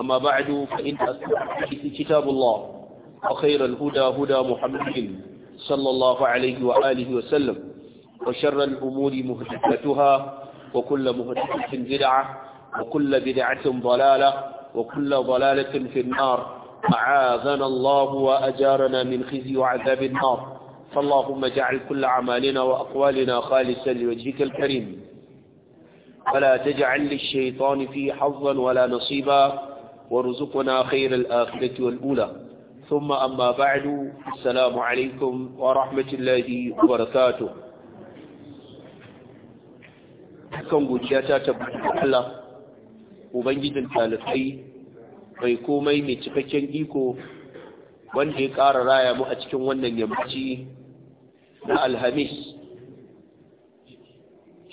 أما بعد فإن أصدق كتاب الله وخير الهدى هدى محمد صلى الله عليه وآله وسلم وشر الأمور مهدفتها وكل مهدفة بدعة وكل بدعة ضلالة وكل ضلالة في النار أعاذنا الله وأجارنا من خزي وعذاب النار فاللهم اجعل كل عمالنا وأقوالنا خالصا لوجهك الكريم فلا تجعل للشيطان فيه حظا ولا نصيبا وارزقنا خير الآخرة والأولى ثم أما بعد السلام عليكم ورحمة الله وبركاته kan godiya ta tabbata Allah ubangijin talibai mai komai mai cikakken iko wanda ya ƙara raya mu a cikin wannan yammaci na alhamis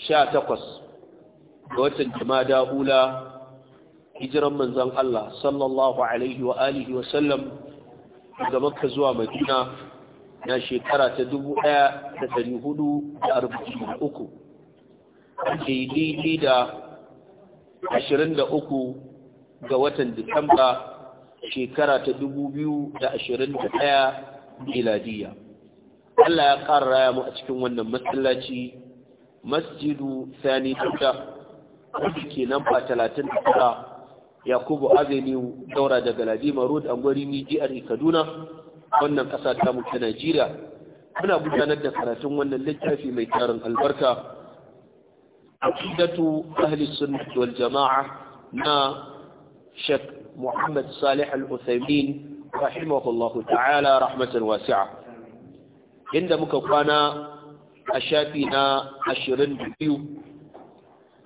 sha takwas ga watan jama'a ula hijiran Manzan Allah sallallahu alaihi wa alihi wa sallam daga Makka zuwa Madina na shekara ta 1443 ake daidai da 23 ga watan Disamba shekara ta 2021 miladiya Allah ya ƙara raya mu a cikin wannan masallaci masjidu sani tuta wadda ke nan ba 39 yakubu avenue daura daga Ladima road an gwari jihar e, kaduna wannan ƙasa ta mu ta najeriya muna gudanar da karatun wannan littafi mai tarin albarka aqidatu ahli sunnah wal jama'a na shek muhammad salih al-uthaymin rahimahullahu ta'ala rahmatan wasi'a inda muka kwana a shafi na ashirin da biyu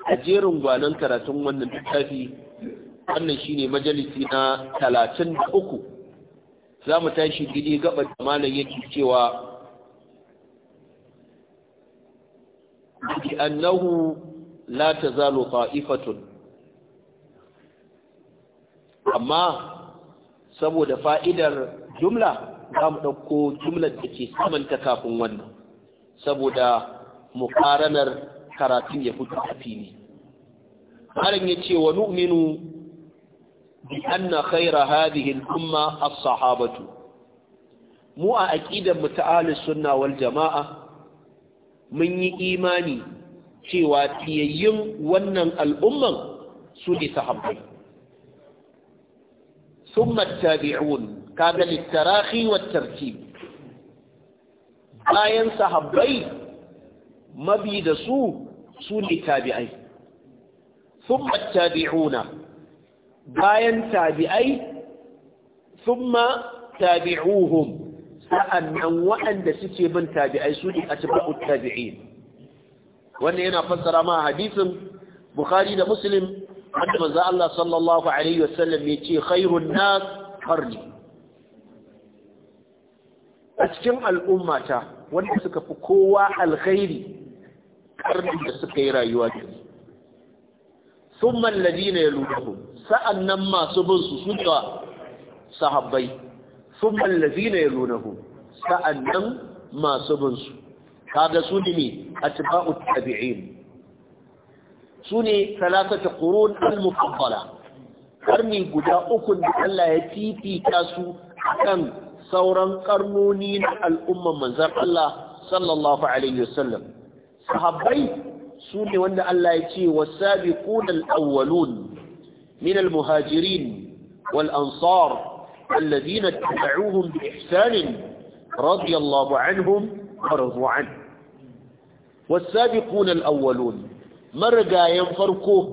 a jerin gwanon karatun wannan littafi wannan shine majalisi na talatin da uku za mu tashi gidi gaba da malam yake cewa bi annahu la tazalu fa'ifatun amma saboda fa'idar jumla za mu ɗauko jumlar da ke samanta kafin wannan saboda muƙaranar karatun ya fito a fili. Harin ya ce wa nu'minu bi kaira khaira hadhihi al-umma as-sahabatu mu a aqidar mu ta sunna wal jama'a mun yi imani cewa tiyayyun wannan al'umman su ne sahabbai ثم التابعون كان للتراخي والترتيب bayan sahabbai mabi da su su ne tabi'ai thumma tabi'una bayan tabi'ai thumma tabi'uhum sa'annan waɗanda suke bin tabi'ai su ne a atba'ut tabi'in wannan yana fassara ma hadisin bukhari da muslim wanda manzo Allah sallallahu alaihi wasallam ya ce khairun nas qarni a cikin al'ummata wanda suka fi kowa alkhairi karnin da suka yi rayuwa da su sun mallabi na ya sa'annan masu bin su suka sahabbai thumma allazina yalunahu sa'annan masu bin su kaga su ne atba'u tabi'in su ne talatata qurun al mukabbala Ƙarni guda uku da Allah ya fifita su akan sauran ƙarnoni na al'umman manzan Allah sallallahu alaihi wasallam sahabbai su ne wanda Allah ya ce wasabiqun al-awwalun من المهاجرين والأنصار الذين اتبعوهم بإحسان رضي الله عنهم ورضوا عنه والسابقون الأولون مرقى farko,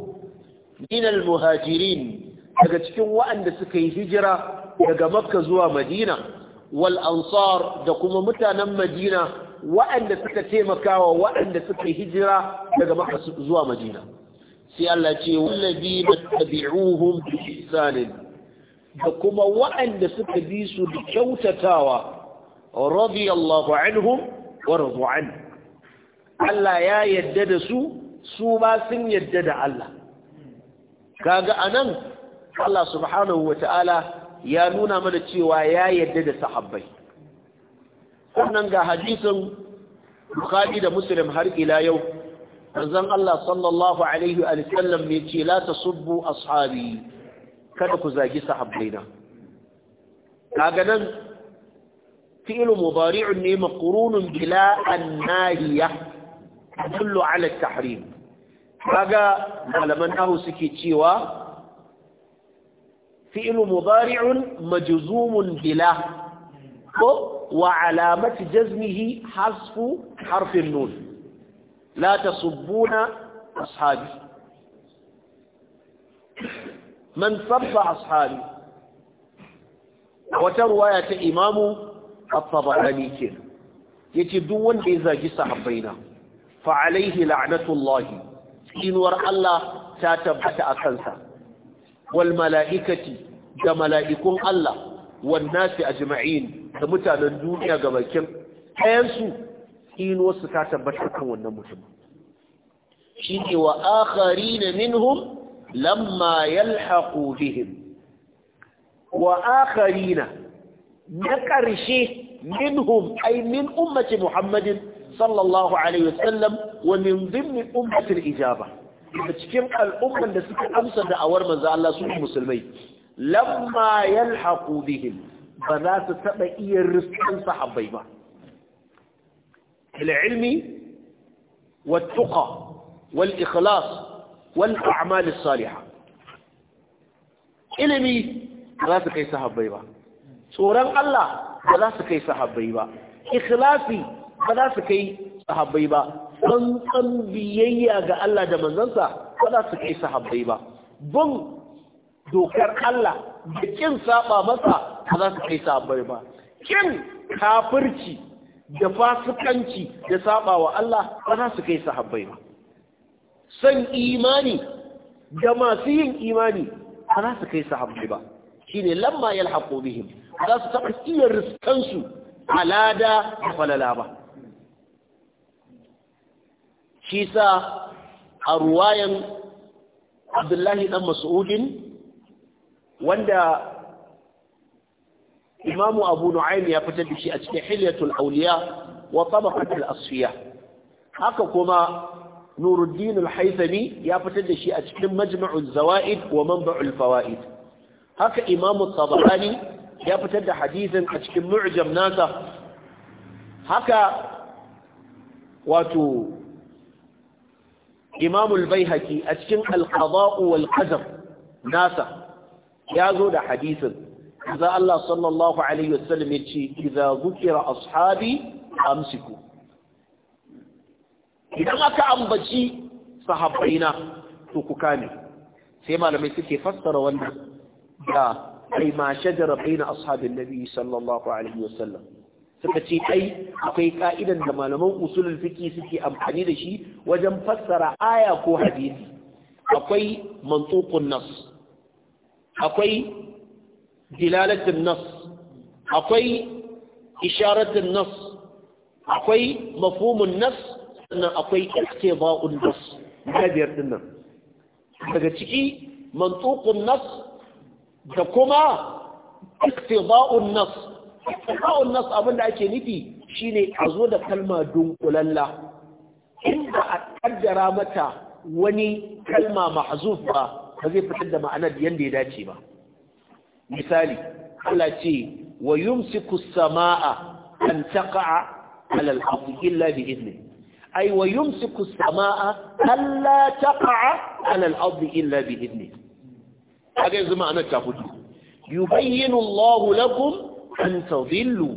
من المهاجرين daga cikin wa'anda suka yi hijira daga makka zuwa madina wal ansar da kuma mutanen madina wa'anda suka taimakawa waɗanda suka yi hijira daga makka zuwa madina sai Allah ce wallazi mattabi'uhum bi ihsanin da kuma waɗanda suka bi su da kyautatawa radiyallahu anhum wa radu an Allah ya yadda da su su ma sun yadda da Allah kaga anan Allah subhanahu wataala ya nuna mana cewa ya yadda da sahabbai sannan ga hadisin Bukhari da Muslim har ila yau manzon Allah sallallahu alaihi wa sallam ne ce la tasubbu ashabi kada ku zagi sahabbaina kaga nan fi'lu mudari'un ne maqrunun bila an-nahiya tadullu ala at-tahrim kaga malaman nahu suke cewa fi'lu mudari'un majzumun bila ko wa alamat jazmihi hasfu harfin nun la tasubbuna ashabi man sabba ashabi wata ruwaya ta imamu at-tabarani kenan yace duk wanda ya zagi sahabbaina fa alaihi la'natullahi inuwar Allah ta tabbata a kansa wal mala'ikati da mala'ikun Allah wan nasi ajma'in da mutanen duniya gabakin ayansu inuwarsu ta tabbatar kan wannan mutum shi ne wa akari na minhum lamma yalhaqu bihim wa akari na na ƙarshe minhum ai min ummati muhammadin sallallahu alaihi wasallam wa min zimmi ummatin ijaba da cikin al'umman da suka amsa da manzo Allah su musulmai lamma yalhaqu bihim ba za su taɓa iya riskan sahabbai ba العلم ilmi والإخلاص والأعمال الصالحة ilimi ba za su kai sahabbai ba tsoron Allah ba za su kai sahabbai ba ikhlasi ba za su kai sahabbai ba tsantsan biyayya ga Allah da manzansa ba za su sahabbai ba bin dokar Allah baƙin kin saba masa ba za kai sahabbai ba kin kafirci da fasikanci da saba wa Allah ba za su kai sahabbai ba san imani da masu yin imani ba za su kai sahabbai ba shi shine lamma yalhaqu bihim za su taɓa iya riskansu alada da falala ba shi sa a ruwayan abdullahi ɗan mas'udin wanda imamu abu nu'aym ya fitar da shi a cikin hilyatul awliya wa tabaqatul asfiya haka kuma nuruddin al-haythami ya fitar da shi a cikin majma'ul zawaid wa manba'ul fawaid haka imamu tabarani ya fitar da hadisin a cikin mu'jam nasa haka wato imamul baihaqi a cikin al-qada'u wal qadar nasa ya zo da hadisin za Allah sallallahu alaihi wasallam ya ce idza zukira ashabi amsiku idan aka ambaci sahabbaina to ku kame sai malamai suke fassara wannan da ai ma shajara baina ashabin nabi sallallahu alaihi wasallam suka ce ai akwai ka'idan da malaman usulul fiki suke amfani da shi wajen fassara aya ko hadisi akwai mantsuƙun nas akwai dilalatin nas akwai isharatin nas akwai mafhumun nas sannan akwai iktiba'un nas daga ciki mantuqun nas da kuma iktiba'un nas iktiba'un nas da ake nufi shine a zo da kalma dunkulalla inda a kaddara mata wani kalma mahzuf ba ba zai fitar da ma'anar yadda ya dace ba misali Allah ce wa yumsiku samaa an taqa'a ala al-ardi illa bi idni ay wa yumsiku samaa alla taqa'a ala al-ardi illa bi idni kaga yanzu ma'ana ta fito yubayyinu Allahu lakum an tadhillu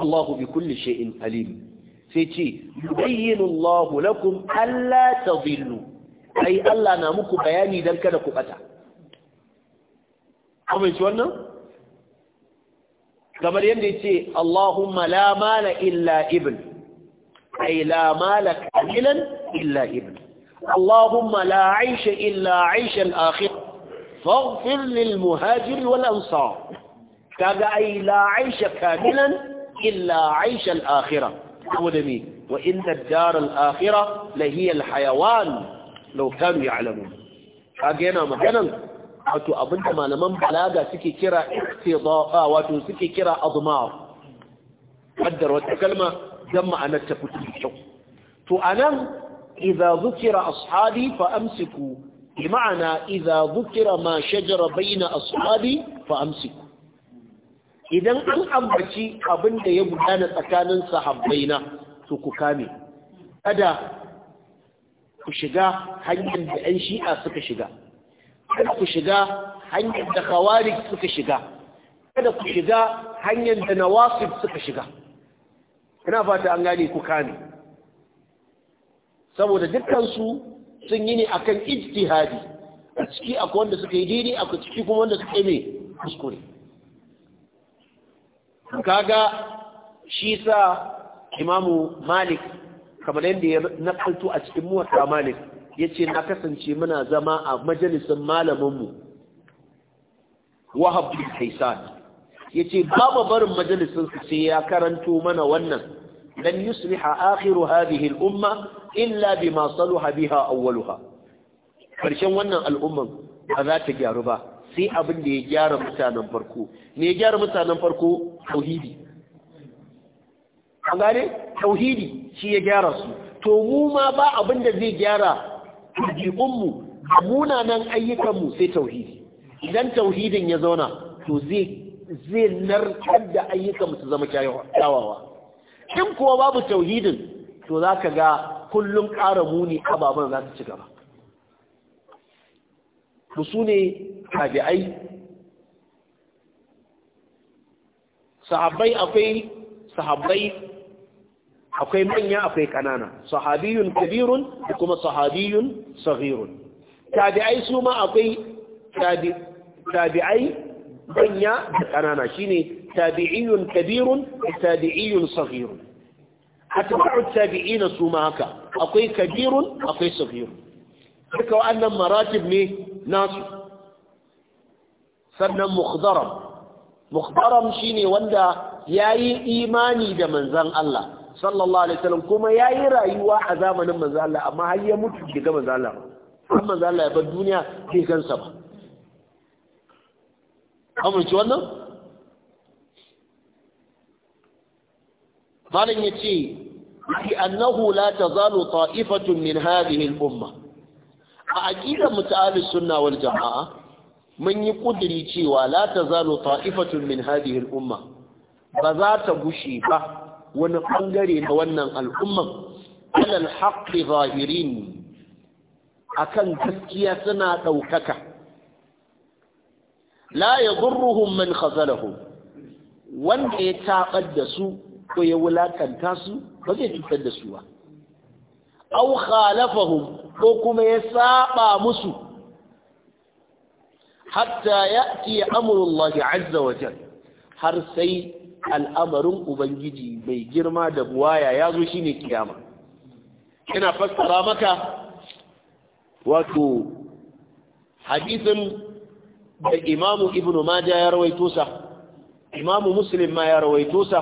Allahu bi kulli shay'in alim sai ce yubayyinu Allahu lakum alla tadhillu ai Allah na muku bayani dan kada ku bata kuma ci wannan kamar yadda yace Allahumma la mala illa ibn ay la mala qalilan illa ibn Allahumma la aisha illa aisha al-akhir faghfir lil muhajir wal ansar kaga ay la aisha kamilan illa aisha al akhira. saboda wa inna ad-dar al-akhirah la hiya al-hayawan law kanu ya'lamun kaga yana maganan wato abin da malaman balaga suke kira iktidaa wato suke kira admar qaddar wata kalma dan ma'anar ta fito kyau to anan idza zukira ashabi fa amsiku bi ma'ana idza zukira ma shajara baina ashabi fa amsiku idan an ambaci abinda ya gudana tsakanin sahabbaina to ku kame kada ku shiga hanyar da 'yan shi'a suka shiga kada ku shiga hanyar da khawarij suka shiga kada ku shiga hanyar da nawasib suka shiga ina fata an gane ku kani, saboda dukkansu sun yi ne akan ijtihadi a ciki akwai wanda suka yi dini, akwai ciki kuma wanda suka yi mai kuskure kaga shi sa imamu malik kamar yadda ya nakaltu a cikin muwatta malik Ya ce na kasance muna zama a majalisin malaminmu Wahab bin Kaisan yace babu barin majalisin su sai ya karanto mana wannan lan yusliha akhiru hadhihi al-umma illa bima salaha biha awwaluha karshen wannan al'umman ba za ta gyaru ba sai abin da ya gyara mutanen farko me ya gyara mutanen farko tauhidi an gane tauhidi shi ya gyara su to mu ma ba abin da zai gyara ɗabi'unmu da munanan ayyukanmu sai tauhidi idan tauhidin ya zauna to zai narkar da ayyukanmu su zama kyawawa in kuwa babu tauhidin to za ka ga kullum ƙara muni ababen za su ci gaba su ne tabi'ai sahabbai akwai sahabbai akwai manya akwai kanana sahabiyun kabirun da kuma sahabiyun saghirun tabi'ai su ma akwai tabi'ai manya da kanana shine tabi'iyun kabirun da tabi'iyun saghirun atba'u tabi'ina su ma haka akwai kabirun akwai saghirun duka wannan maratib ne nasu sannan mukhdaram mukhdaram shine wanda yayi imani da manzon Allah sallallahu alaihi wasallam kuma yayi rayuwa a zamanin manzo Allah amma har ya mutu bai ga manzo Allah ba manzo Allah ya bar duniya bai kansa ba amince wannan malam yace bi annahu la tazalu ta'ifatun min hadhihi al-umma a aqidar muta'alli sunna wal jamaa mun yi kudiri cewa la tazalu ta'ifatun min hadhihi al-umma ba za ta gushe ba wani ɓangare na wannan al'umman alal haqqi zahirin akan gaskiya suna ɗaukaka la yadurruhum man khazalahum wanda ya tabar da su ko ya wulakanta su ba zai cutar da su ba aw khalafahum ko kuma ya saba musu hatta ya'ti amrullahi azza wa har sai al'amarin ubangiji mai girma da buwaya ya zo ne kiyama ina fassara maka wato hadisin da imamu ibnu maja ya rawaito sa imamu muslim ma ya rawaito sa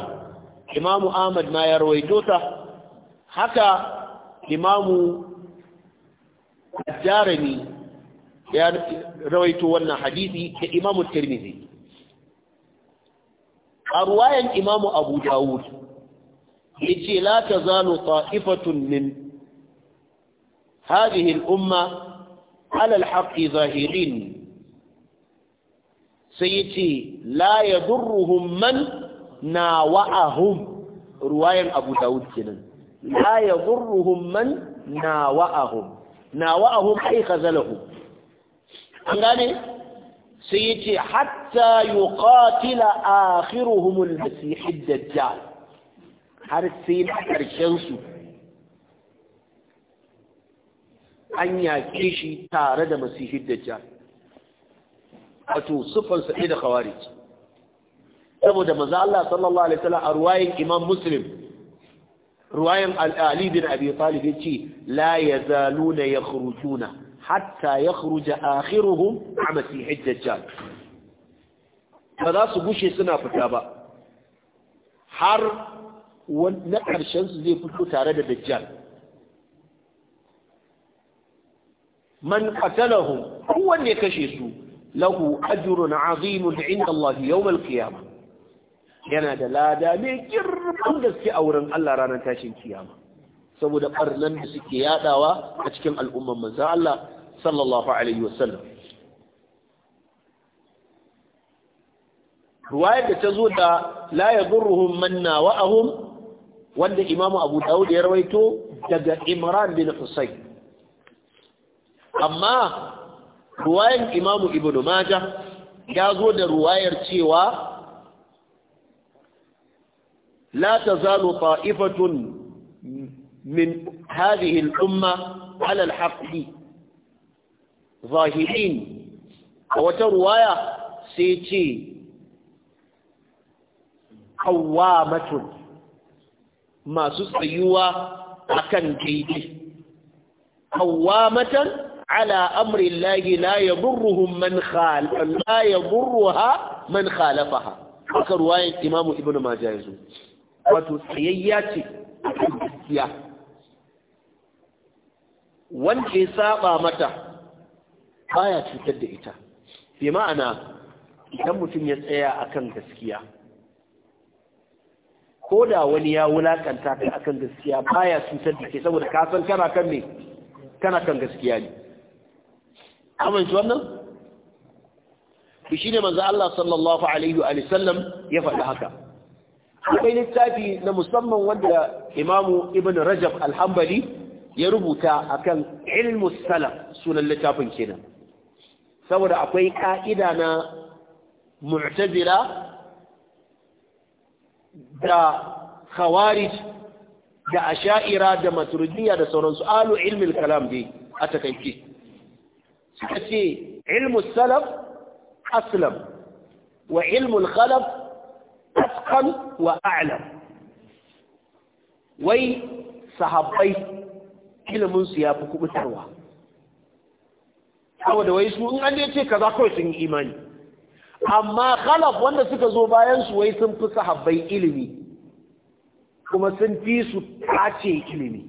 imamu ahmad ma ya rawaito sa haka imamu jarani ya rawaito wannan hadisi da imamu tirmidhi a ruwayan imamu abu dawud ce la tazalu ta'ifatun min hadhihi umma ala al zahirin sai ce la yadurruhum man nawa'ahum ruwayan abu dawud kenan la yadurruhum man Na nawa'ahum ay khazalahum an gane sai yace hatta yuqatila akhiruhum al-masih ad-dajjal har sai na karshen su an yaƙe shi tare da masihid dajjal wato sifar sa da khawarij saboda maza Allah sallallahu alaihi wasallam a ruwayin Imam Muslim ruwayan Al-Ali bin Abi Talib yace la yazaluna yakhrujuna hatta ya khuruja akhiruhum a masihid dajjal ba za su gushe suna fita ba har na ƙarshen su zai fito tare da dajjal man qatalahum kowanne ya kashe su lahu ajrun azimun da Allah yawm al-qiyamah yana da lada mai girman gaske a wurin Allah ranar tashin kiyama saboda ɓarnan da suke yadawa a cikin al'umman manzan Allah sallallahu alaihi wasallam ruwayar da ta zo da la yadurruhum man nawa'ahum wanda imamu abu dawud ya rawaito daga imran bin husayn amma ruwayar imamu ibnu majah ya zo da ruwayar cewa la tazalu ta'ifatun من هذه الأمة على الحق ظاهرين وترواية سيتي قوامة ما سسيوا أكن جيدي قوامة على أمر الله لا يضرهم من خال لا يضرها من خالفها haka ruwayan imamu ibn majah yazo wato tsayayya ce a kan gaskiya wanda ya saba mata baya cutar da ita bi ma'ana idan mutum ya tsaya akan gaskiya ko da wani ya wulakanta kai akan gaskiya baya cutar da ke saboda ka san kana kan ne kana kan gaskiya ne amince wannan to shine manzo Allah sallallahu alaihi wa sallam ya faɗi haka akwai littafi na musamman wanda Imamu Ibn Rajab Al-Hanbali ya rubuta akan ilmu salaf sunan littafin kenan saboda akwai ka'ida na mu'tazila da khawarij da asha'ira da maturidiyya da sauransu alu ilmin kalam dai a takaice suka ce ilmu salaf aslam wa ilmu khalaf asqal wa a'lam wai sahabbai su ya fi kubutarwa saboda wai su in an ce kaza kawai sun yi imani amma khalaf wanda suka zo bayan su wai sun fi sahabbai ilimi kuma sun fi su tace ilimi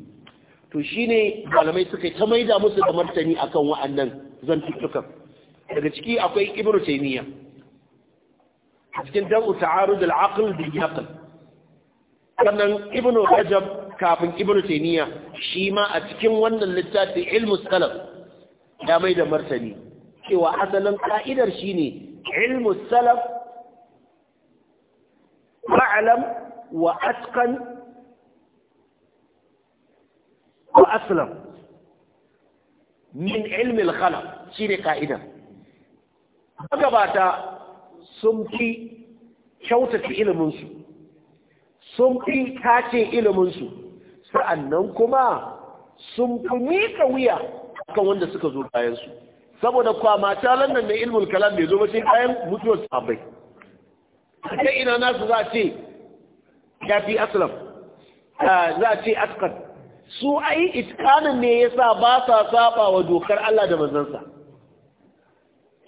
to shine malamai suka ta maida musu da martani akan wa'annan zantuttukan daga ciki akwai ibnu taymiya cikin dabu ta'arud al-aql bil yaql sannan ibnu rajab kafin ibnu taymiya shi ma a cikin wannan littafi ilmu salaf ya mai da martani cewa asalin ka'idar shine ilmu salaf fa'lam wa atqan wa aslam min ilmi al-khalaq shine ka'idar magabata sun fi kyautata iliminsu sun fi tace iliminsu sa'annan kuma sun fi miƙa wuya akan wanda suka zo bayansu saboda kwama talan nan na ilmul kalam ya zo ba kayan mutuwar sabai ta ina nasu za a ce ya fi aslam za a ce askan su a yi itkanin ne ya sa ba sa saba wa dokar Allah da manzansa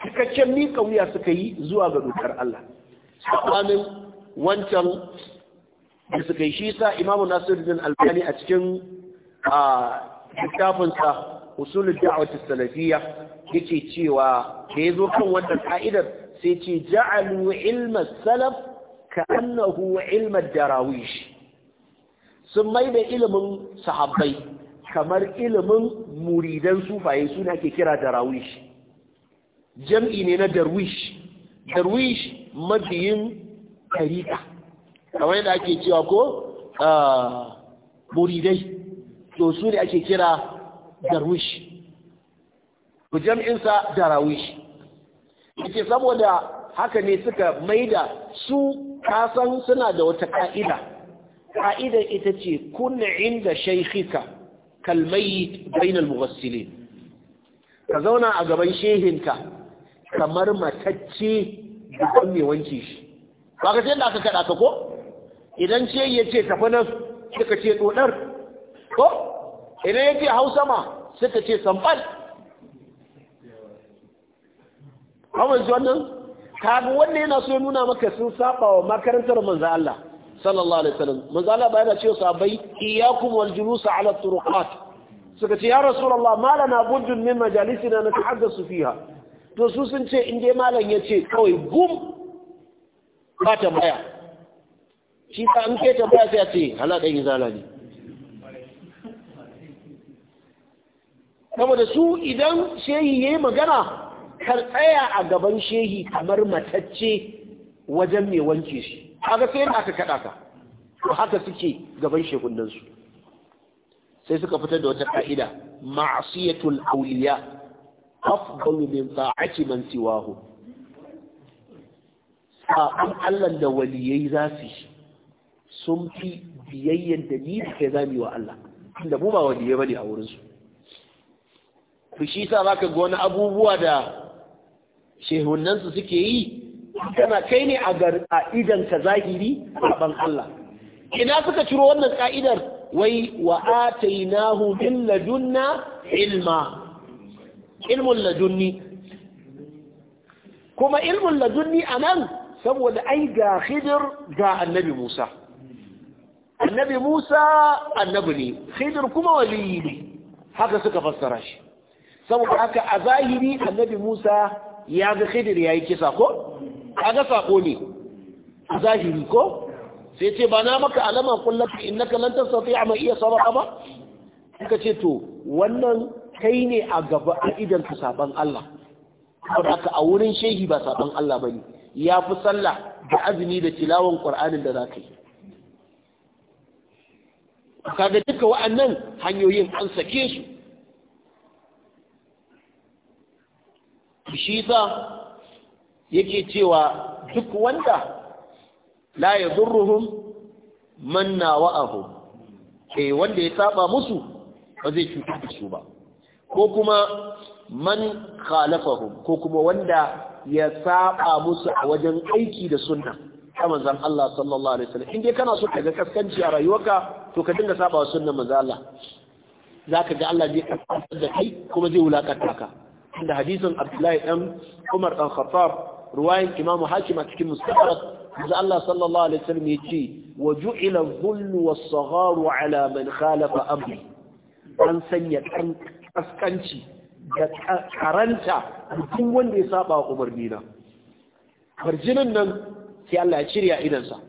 cikakken miƙa wuya suka yi zuwa ga dokar Allah tsakanin wancan da suka yi shi sa imamu nasiruddin albani a cikin littafinsa usulul da'wati salafiyya yake cewa da yazo kan wannan ka'idar sai ce ja'alu ilma salaf ka'annahu ilma darawish sun mai da ilimin sahabbai kamar ilimin muridan sufaye suna ke kira darawish jam'i ne na darwish darwish mabiyin tariqa kamar yadda ake cewa ko muridai to su ne ake kira darwish ku jam'insa darawish yake saboda haka ne suka maida su kasan suna da wata ka'ida ka'idar ita ce kunna inda shaikhika kalmai bainal mughassili ka zauna a gaban shehinka kamar matacce da mai wanke shi ba ka sai da aka kada ka ko idan ce ya ce tafi nan suka ce tsodar ko idan ya ce hau sama suka ce sambal hawan zuwan nan kaga wanda yana so ya nuna maka sun saba wa makarantar manza Allah sallallahu alaihi wasallam manza Allah bayana cewa sahabbai iyyakum wal julusa ala turuqat suka ce ya rasulullah ma lana gudun min majalisina natahaddasu fiha to su sun ce in dai malam yace kawai gum ba ta baya shi sa an kai tambaya sai a ce hala ɗan izala ne saboda su idan shehi ya yi magana kar tsaya a gaban shehi kamar matacce wajen mai wanke shi haka sai yana aka kaɗa ka haka suke gaban shekundansu sai suka fitar da wata ka'ida ma'asiyatul auliya afdalu min ta'ati man siwahu sa'an Allah da waliyai za su yi sun fi biyayyen da ni da kai zami wa Allah inda mu ba wani ya bane a wurinsu fi shi sa za ka ga wani abubuwa da shehunansu suke yi kana kai ne a idan ka zahiri a ban Allah ina suka ciro wannan ka'idar wai wa atainahu min ladunna ilma ilmun ladunni kuma ilmun ladunni anan saboda ai ga khidir ga annabi Musa annabi Musa annabi ne Khidir kuma waliyi ne haka suka fassara shi saboda haka a zahiri annabi Musa ya ga Khidir yayi kisa ko kaga sako ne a zahiri ko sai ce ba na maka alama kullaka innaka lan tastati'a ma iya sabaka ba suka ce to wannan kai ne a gaba a idan ka saban Allah saboda haka a wurin shehi ba saban Allah bane ya fi sallah da azumi da tilawan Qur'anin da zaka yi kaga duka wa'annan hanyoyin an sake su shi za yake cewa duk wanda la ya zurruhum manna wa'ahu eh wanda ya saba musu ba zai cutar da su ba ko kuma man khalafahum ko kuma wanda ya saba musu a wajen aiki da sunna ta manzan Allah sallallahu alaihi wasallam in dai kana so ka ga kaskanci a rayuwarka to ka dinga saba wa sunnan manzan Allah zaka ga Allah zai da kai kuma zai wulakanta ka inda hadisin Abdullahi dan Umar dan Khattab ruwayan Imam Hakim a cikin Mustadrak manzan Allah sallallahu alaihi wasallam yace wa ju'ila adh-dhull was-sagharu ala man khalafa amri an sanya kaskanci da karanta duk wanda ya saba wa umarni na farjinin nan sai Allah ya cire idansa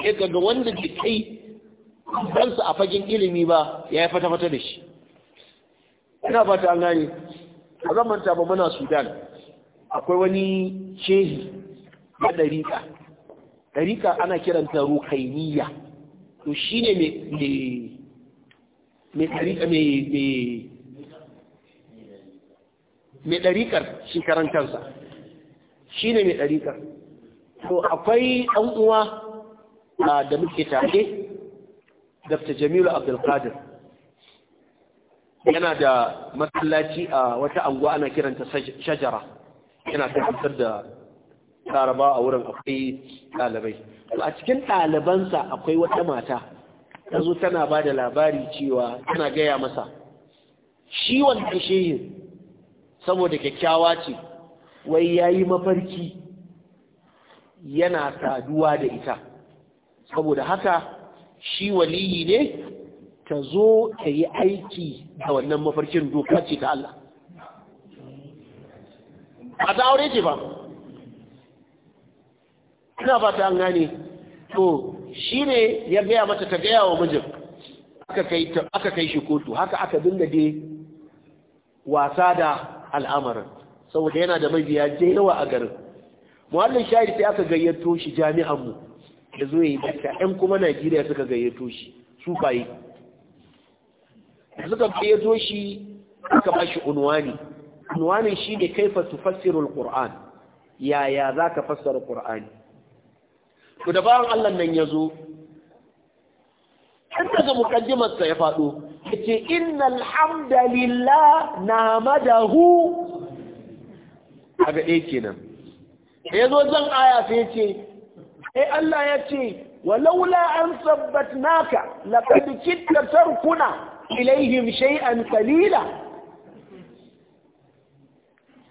sai wanda ke kai ɗansa a fagen ilimi ba ya yi fata-fata da shi ina fata an gane a zamanta ba muna sudan akwai wani shehi na ɗarika. ɗariƙa ana kiranta rukainiya to shi ne mai mai shi karantarsa shi ne mai to akwai ɗan uwa da muke tare dr jamilu abdulkadir yana da masallaci a wata anguwa ana kiranta shajara yana tabbatar da taraba a wurin akwai ɗalibai a cikin ɗalibansa akwai wata mata ta zo tana ba da labari cewa tana gaya masa shi wanda shehin saboda kyakkyawa ce wai ya yi mafarki yana saduwa da ita saboda haka shi waliyi ne ta zo ta yi aiki da wannan mafarkin doka ce ta Allah a ta aure ce ba ina ba ta an gane to shi ne ya gaya mata ta gaya wa mijin aka kai shi kotu haka aka dinga dai wasa da al'amarin saboda yana da mabiya da yawa a garin muhallin Shari'a sai aka gayyato shi jami'an mu ya zo yi dakta ɗan kuma Najeriya suka gayyato shi su faye suka gayyato shi aka ba shi unwani unwanin shi ne kaifa tufassiru alquran yaya za ka fassara qur'ani to da bawan Allah nan ya zo. an daga mukaddimar sa ya faɗo. yace na madahu A ga ɗaya kenan da ya zo zan aya sai ya ce ai Allah ya ce walaula an sabbatnaka laqad kitta tarkuna ilaihim shay'an qalila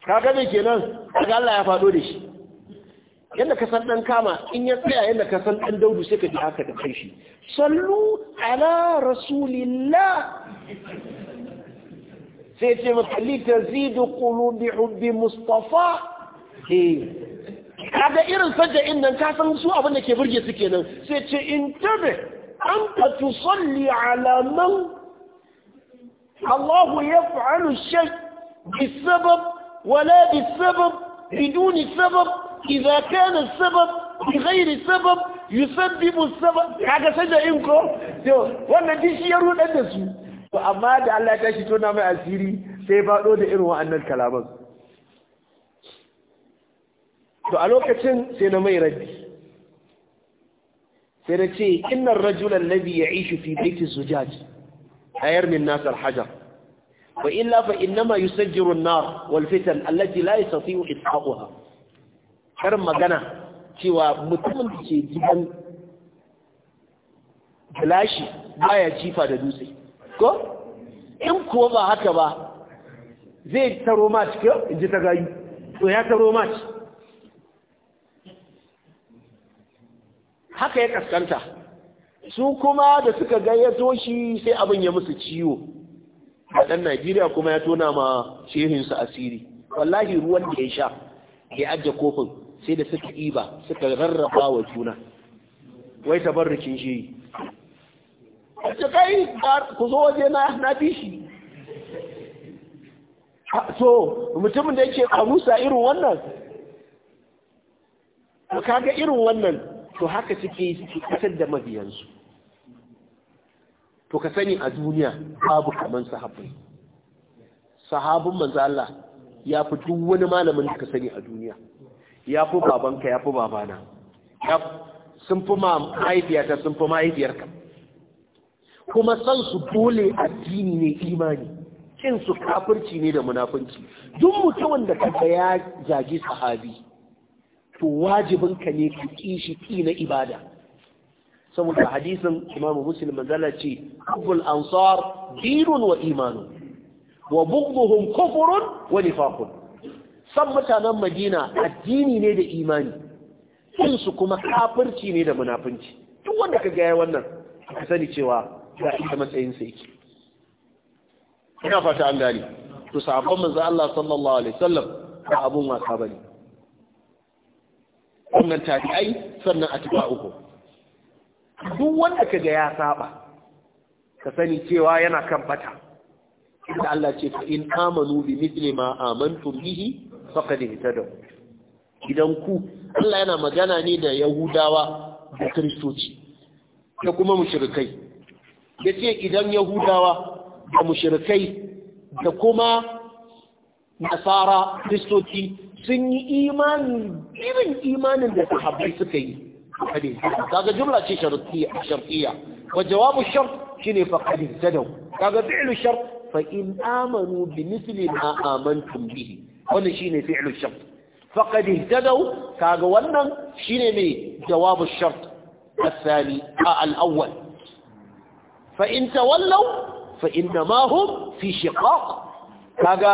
kaga me kenan kaga Allah ya fado da shi yadda ka san dan kama in ya tsaya yadda ka san dan daudu sai ka ji haka da kai shi sallu ala rasulillah sai ce maka tazidu qulubi hubbi mustafa eh kaga irin saja'in nan ka san su abin da ke burge su kenan sai ce in tabe an ka tusalli ala man Allahu yaf'alu shay bisabab wala bisabab بدون سبب إذا كان السبب بغير سبب يسبب sabab, kaga saja'in ko to wannan dishi ya rudar da su to amma da Allah ya tashi tona mai asiri sai ya faɗo da irin wa'annan kalaman to a lokacin sai na mai raddi sai na ce innan rajulan labi ya ishi fi baitin zujaj a yarmin nasar hajar wa illa fa innama yusajjirun nar wal fitan allati la yastati'u ithaquha kar magana cewa mutumin da ke gidan gilashi baya jifa da dutse ko in kuwa ba haka ba zai taro mat ko in ji ta gayu to ya taro mat. haka ya kaskanta su kuma da suka gayyato shi sai abin ya musu ciwo a ɗan najeriya kuma ya tona ma shehinsu asiri wallahi ruwan da ya sha ya ajiye kofin sai da suka iba suka rarraba wa juna wai tabarrukin shehi ta kai ku zo waje na fi shi so mutumin da yake kamusa irin wannan Ka ga irin wannan to haka suke suke kasar da mabiyansu to ka sani a duniya babu kaman sahabbai sahabin manzo Allah ya fi duk wani malamin da ka sani a duniya ya fi babanka ya fi babana sun fi mahaifiyata sun fi mahaifiyarka kuma san su dole addini ne imani kin su kafirci ne da munafunci duk mutumin da kaga ya jaji sahabi to wajibin ka ne ka ƙi shi ƙi na ibada saboda hadisin Imam Muslim manzala ce abul ansar dinun wa imanu, wa bughdhuhum kufrun wa nifaqun san mutanen Madina addini ne da imani kin su kuma kafirci ne da munafinci duk wanda ka gaya wannan ka sani cewa ga ita matsayin sa yake ina fata an gane to sahabban manzo Allah sallallahu alaihi wasallam ba abun wasa bane sannan a tafi uku duk wanda kaga ya saba ka sani cewa yana kan bata inda Allah ce fa in amanu bi mithli ma amantum bihi faqad ihtadaw idan ku Allah yana magana ne da Yahudawa da Kiristoci da kuma mushrikai yace idan Yahudawa da mushrikai da kuma nasara kristoci sun yi imanin irin imanin da sahabbai suka yi kaga jumla ce shartiyya wa jawabu shart shine faqad ihtadaw kaga fi'lu shart fa in amanu bi mithli ma amantum bihi wannan shine fi'lu shart faqad ihtadaw kaga wannan shine me jawabu shart الثاني الأول فإن تولوا فإنما هم في شقاق هذا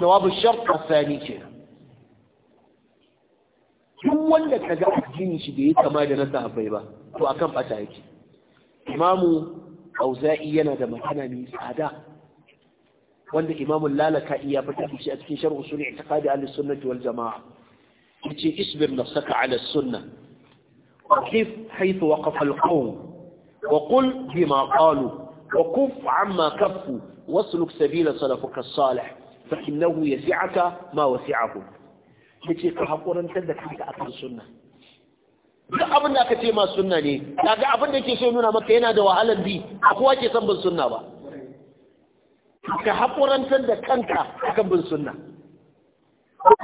جواب الشرط الثاني كده duk wanda ka ga addinin shi da ya kama da na sahabbai ba to akan bata yake imamu auza'i yana da makana mai tsada wanda imamu lalaka iya fita shi a cikin sharh usul i'tiqadi ahli sunnati wal jama'a yace isbir nafsaka ala sunna wa kif haythu waqafa al-qawm wa qul bima qalu wa kuf amma kaffu wasluk sabila salafuka as-salih fa innahu yasi'aka ma wasi'ahu ya ce ka haƙurantar da kanka a kan sunna duk abin da aka ce ma sunna ne kaga abin da ke so nuna maka yana da wahalar bi a kowa ke san bin sunna ba ka haƙurantar da kanka akan bin sunna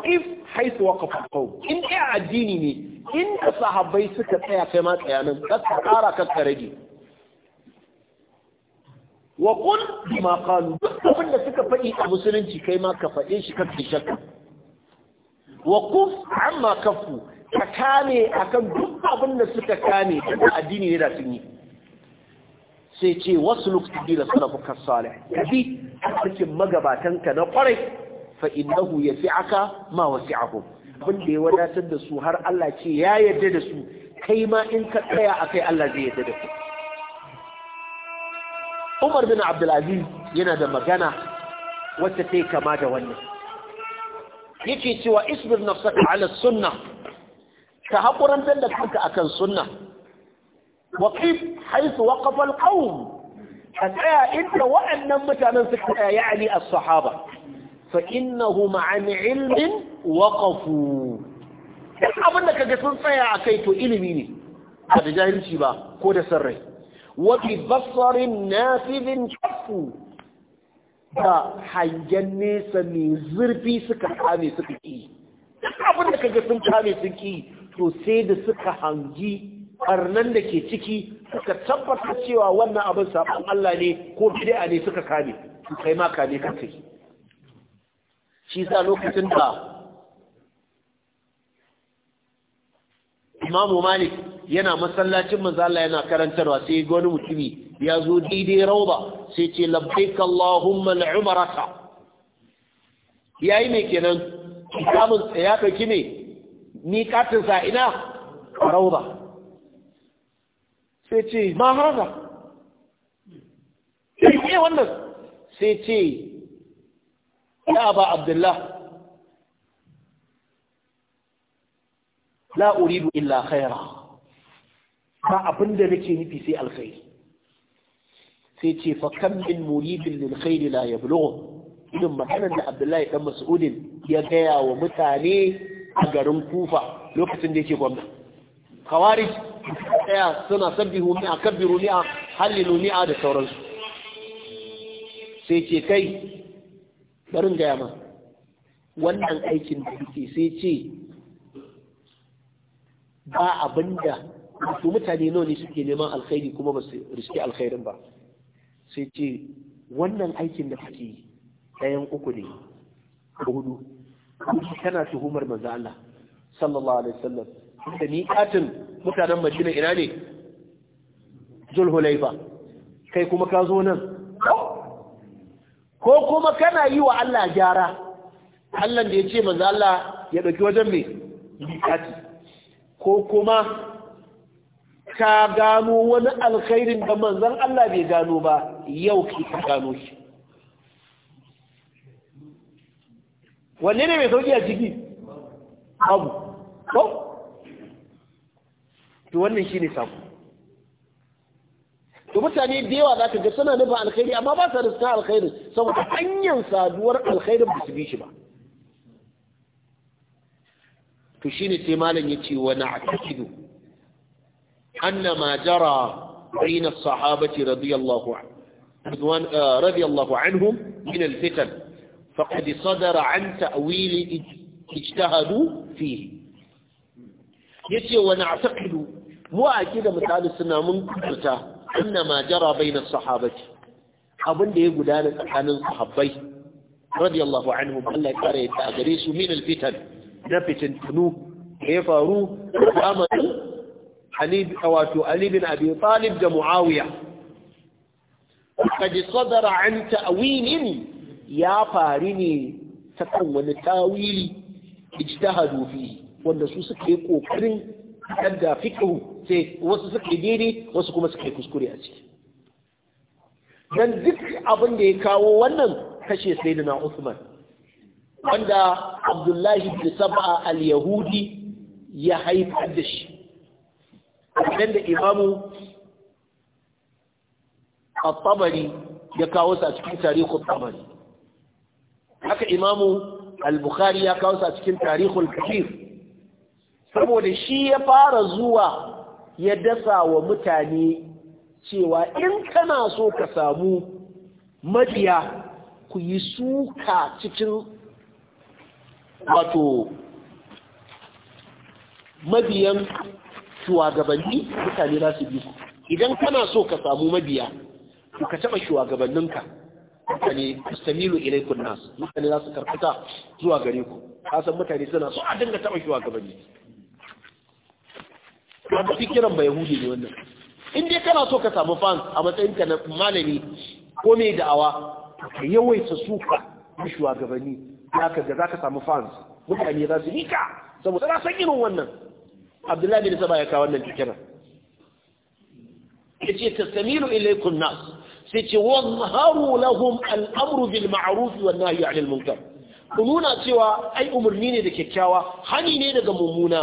if haisu wa qaum in ɗaya addini ne inda sahabbai suka tsaya kai ma tsayanin ka ƙara ka rage wa bi ma qalu duk abin da suka faɗi a musulunci kai ma ka faɗe shi kan shi shakka wa amma kafu ka kame akan duk abin da suka kame da addini ne da sun yi sai ce wasu lokaci da salafuka salih ka bi cikin magabatanka na kwarai fa innahu aka ma wasi'ahum abin da ya wadatar da su har Allah ce ya yarda da su kai ma in ka tsaya akai Allah zai yarda da su Umar bin Abdul Aziz yana da magana wacce ta kama da wannan yake cewa isbir nafsaka ala sunna ka hakurantar da kanka akan sunna waqif haythu waqafa alqawm ka tsaya inda wa'annan mutanen suka tsaya Ali as-sahaba fa innahu ma'an ilmin waqafu duk abin da kaga sun tsaya akai to ilimi ne ba da jahilci ba ko da sarrai wa bi basarin nafidin kafu da hangen nesa mai zurfi suka kame suka ki abin da kaga sun kame sun ki to sai da suka hangi nan da ke ciki suka tabbatar cewa wannan abin sabon Allah ne ko bid'a ne suka kame su kai ma kame ka kai shi sa lokacin da Imamu Malik yana masallacin manzo Allah yana karantarwa sai ga wani mutumi ya zo daidai rauda sai ce labbaika Allahumma al'umaraka yayi ne kenan kamun ya dauki ne ni katin sa ina rauda sai ce ma haka sai wannan sai ce ya ba abdullah la uridu illa khaira ba abinda nake nufi sai alkhairi sai ce fa kam min muribin lil khairi la yablughu idan maganar da Abdullahi dan Mas'udin ya gaya wa mutane a garin Kufa lokacin da yake gwamna khawarij tsaya suna sabbihu ni akbiru ni halilu ni da sauransu sai ce kai barin gaya ma wannan aikin da kike sai ce ba abinda su mutane nawa ne suke neman alkhairi kuma ba su riski alkhairin ba sai ce wannan aikin da kake ɗayan uku ne ko hudu tana tuhumar manzo Allah sallallahu alaihi wasallam da katin mutanen Madina ina ne Hulaifa kai kuma ka zo nan ko kuma kana yi wa Allah gyara Allah da ya ce manzo Allah ya ɗauki wajen mai miƙati ko kuma ka gano wani alkhairin da manzan Allah bai gano ba yau ki ka gano shi wanne ne mai sauki a ciki abu ko to wannan shine sako to mutane da yawa za ka ga suna nufa alkhairi amma ba sa riska alkhairin saboda hanyar saduwar alkhairin ba su bi shi ba to shine sai malam ya ce wa na'taqidu أن ما جرى بين الصحابة رضي الله عنهم آه، رضي الله عنهم من الفتن فقد صدر عن تأويل اجتهدوا فيه يتي ونعتقد مو أكيد مثال السنة من قدرتا أن ما جرى بين الصحابة أبن دي قدانا عن الصحابي رضي الله عنهم الله يكاري تأغريس من الفتن نفتن تنوب كيف أروه Ali wato Ali bin Abi da Muawiya kad sadara an ta'wilin ya fari ne ta kan wani tawili ijtihadu fi wanda su suka yi kokarin kadda fiqh sai wasu suka yi wasu kuma suke yi kuskure a ciki dan duk abin da ya kawo wannan kashe sayyidina Usman wanda Abdullahi bin Sab'a al-Yahudi ya haifar da shi abin da imamu al-tabari ya kawo sa cikin tarihul tabari haka imamu al-bukhari ya kawo sa cikin tarihul kabir saboda shi ya fara zuwa ya dasa wa mutane cewa in kana so ka samu mabiya ku yi suka cikin wato mabiyan shugabanni mutane za su bi ku idan kana so ka samu mabiya to ka taɓa shugabanninka mutane samilu ilaikun nas mutane za su karkata zuwa gare ku kasan mutane suna so a dinga taɓa shugabanni wanda kiran ba yahudi ne wannan in dai kana so ka samu fans a matsayin ka na malami ko mai da'awa ka yawaita suka na shugabanni za ka ga za ka samu fans mutane za su nika saboda na san irin wannan abdullahi bin saba ya kawo wannan fikirar yace tasmilu ilaykum nas sai ce haru lahum al-amru bil ma'ruf wan nahyi 'anil munkar nuna cewa ai umurni ne da kyakkyawa hani ne daga mumuna?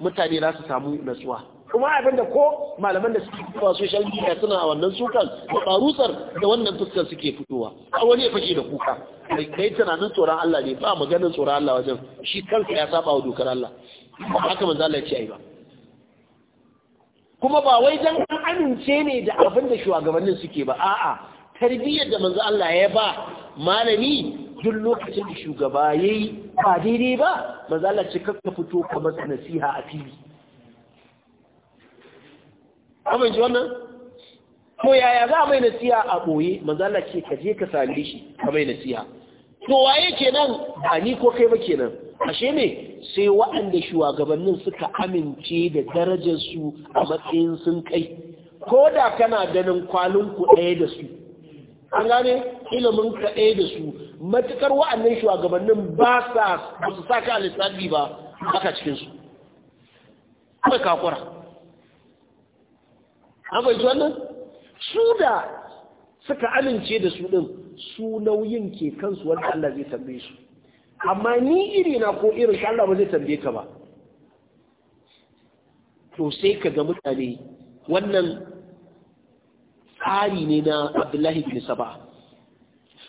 mutane za su samu nasuwa kuma abinda ko malaman da suke fitowa social media suna a wannan sukan da barusar da wannan fuskar suke fitowa a wani ya fashe da kuka kai tunanin tsoron Allah ne ba maganar tsoron Allah wajen shi kansa ya saba wa dokar Allah ba haka manzo Allah ce ai ba kuma ba wai dan an amince ne da abin da shugabannin suke ba a'a tarbiyyar da manzo Allah ya ba malami duk lokacin da shugaba yayi ba daidai ba manzo Allah ce ka fito ka masa nasiha a fili amma ji wannan ko yaya za mai nasiha a boye manzo Allah ce ka je ka same shi ka mai nasiha to waye kenan ba ni ko kai ba kenan ashe ne sai waɗanda shugabannin suka amince da darajarsu a matsayin sun kai ko da kana ganin kwalinku ɗaya da su an gane ilimin ka ɗaya da su matukar waɗannan shugabannin ba sa ba su sa ka lissafi ba haka cikinsu kuma kakura an bai wannan su da suka amince da su ɗin su nauyin ke kansu wanda Allah zai tambaye su amma ni iri na ko irin shi Allah ba zai tambaye ka ba to sai ka ga mutane wannan tsari ne na Abdullahi bin Saba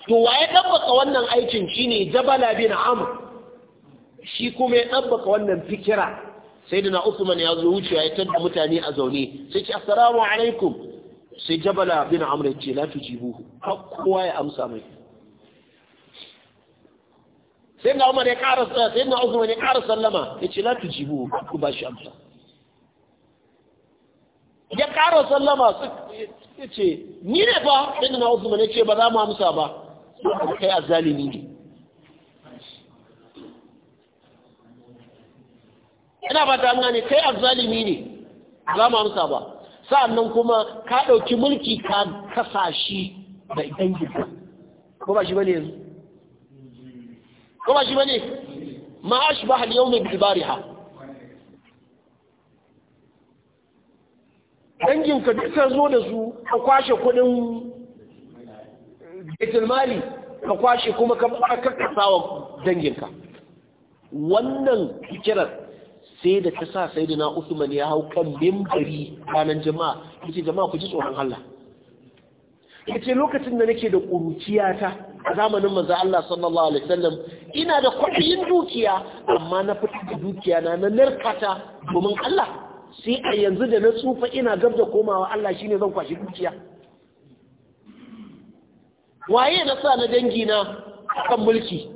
to waye dabbaka wannan aikin shine Jabala bin Amr shi kuma ya dabbaka wannan fikira sayyidina Usman ya zo wuce, ya tada mutane a zaune sai ce assalamu alaikum sai Jabala bin Amr ya ce la tujibuhu kowa ya amsa mai sai na umar ya ƙara eh, sai na usman ya ƙara sallama ya ce latu tujibu ku ba shi amsa ya ƙara sallama su ce ni ne fa sai na usman ya ce ba za mu amsa ba sai kai zalimi ne ina ba ta gane kai a zalimi ne za mu amsa ba sa'annan kuma ka ɗauki mulki ka kasa shi da gida ko ba shi ne yanzu kuma ba shi bane ma ashbah al-yawm bil bariha dangin ka duk ka zo da su ka kwashe kudin baitul mali ka kwashe kuma ka kasawa dangin danginka wannan kirar sai da ta sa sai usman ya hau kan mimbari ranar jama'a yace jama'a ku ji tsoron Allah ya ce lokacin da nake da ƙuruciya ta a zamanin maza Allah sallallahu Alaihi wasallam ina da kwaɗayin dukiya amma na fitar da dukiya na na narkata domin Allah sai a yanzu da na tsufa ina gab da komawa Allah shine zan kwashi dukiya waye na sa na dangi na kan mulki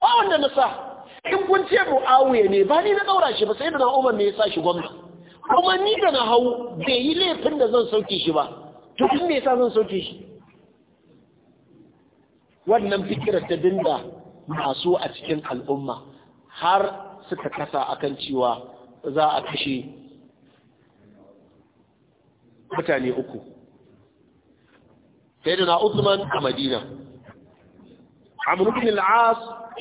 ba wanda na sa in kun ce mu'awiya ne ba ni na ɗaura shi ba sai da na umar ne ya sa shi gwamna kuma ni da na hau bai yi laifin da zan sauke shi ba to in me yasa zan soke shi wannan fikirar ta dinga masu a cikin al'umma har suka kasa akan cewa za a kashe mutane uku sai da na Usman a Madina Amr ibn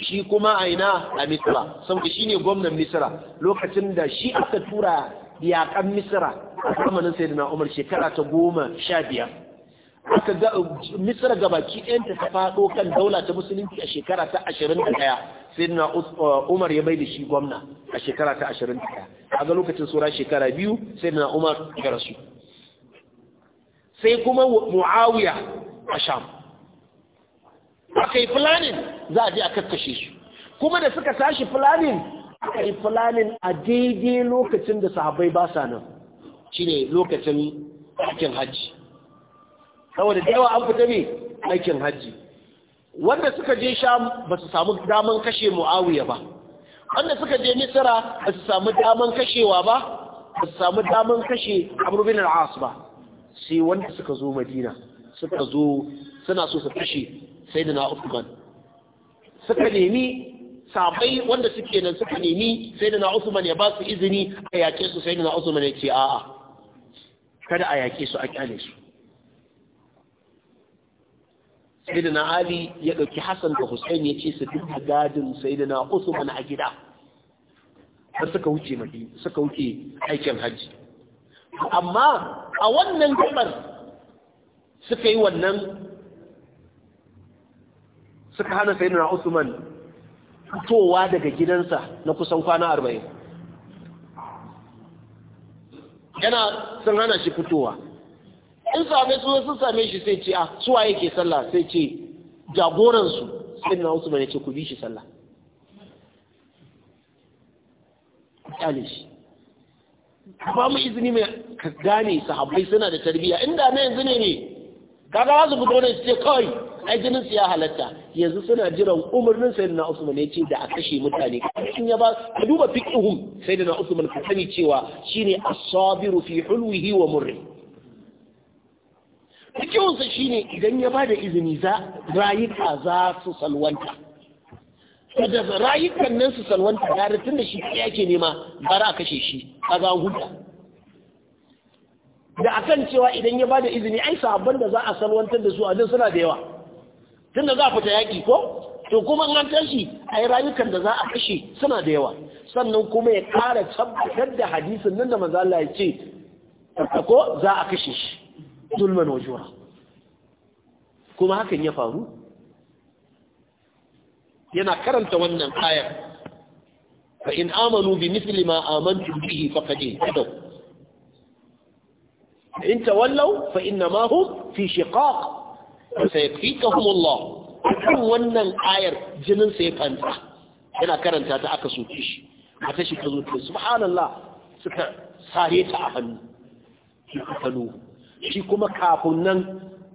shi kuma a ina a misira saboda shi ne gwamnan misira lokacin da shi aka tura yakan misira a zamanin na umar shekara ta goma sha biyar aka ga misra gabaki ɗayanta ta faɗo kan daula ta musulunci a shekara ta ashirin da ɗaya na uh, umar ya bai da shi gwamna a shekara ta ashirin da ɗaya a ga lokacin sura shekara biyu na umar ya rasu sai kuma muawiya a sham aka yi fulanin za a je a kakkashe su kuma da suka tashi fulanin aka yi fulanin a daidai lokacin da sahabbai ba sa nan ne lokacin aikin hajji saboda da yawa an fita ne aikin hajji wanda suka je sham ba su samu daman kashe muawiya ba wanda suka je nisara ba su samu daman kashewa ba ba su samu daman kashe abubuwan al'as ba sai wanda suka zo madina suka zo suna so su kashe da uthman suka nemi sabai wanda suke nan suka nemi sai da uthman ya ba su izini a yake su sai da uthman ya ce a'a kada a yaƙe su a ƙyale su sayyidina ali ya ɗauki hassan da hussein ya ce su duka gadin sayyidina usman a gida har suka wuce mafi suka wuce aikin hajji amma a wannan gabar suka yi wannan suka hana sayyidina usman fitowa daga gidansa na kusan kwana arba'in yana sun hana shi fitowa in same su sun same shi sai ce a ah, suwa yake sallah sai ce jagoransu sai na wasu bane ce ku bi shi sallah kyale shi ba mu izini mai gane sahabbai suna da tarbiyya inda na yanzu ne ne gaba za su fito ne su ce kawai ai jinin su ya halatta yanzu suna jiran umarnin na Usman ya ce da a kashe mutane in ya ba ka duba fiqhum na Usman ka sani cewa shine as-sabiru fi hulwihi wa murri fiqhun sa shine idan ya ba da izini za rayuka za su salwanta da rayukan nan su salwanta da tun da shi yake nema bara a kashe shi a huta da akan cewa idan ya bada izini ai sahabban da za a salwantar da su a din suna da yawa tunda za a fita yaki ko to kuma an an shi, ai rayukan da za a kashe suna da yawa sannan kuma ya kara tabbatar da hadisin nan da manzo Allah ya ce ko za a kashe shi zulman wajura kuma hakan ya faru yana karanta wannan ayar fa in amanu bi mithli ma amantu bihi faqad ihtadu in tawallaw fa innama hum fi shiqaq sayakfikahum Allah wannan ayar jinin sai fanta yana karanta ta aka soke shi A ta zo subhanallah suka sare ta a hannu shi kafalo shi kuma kafin nan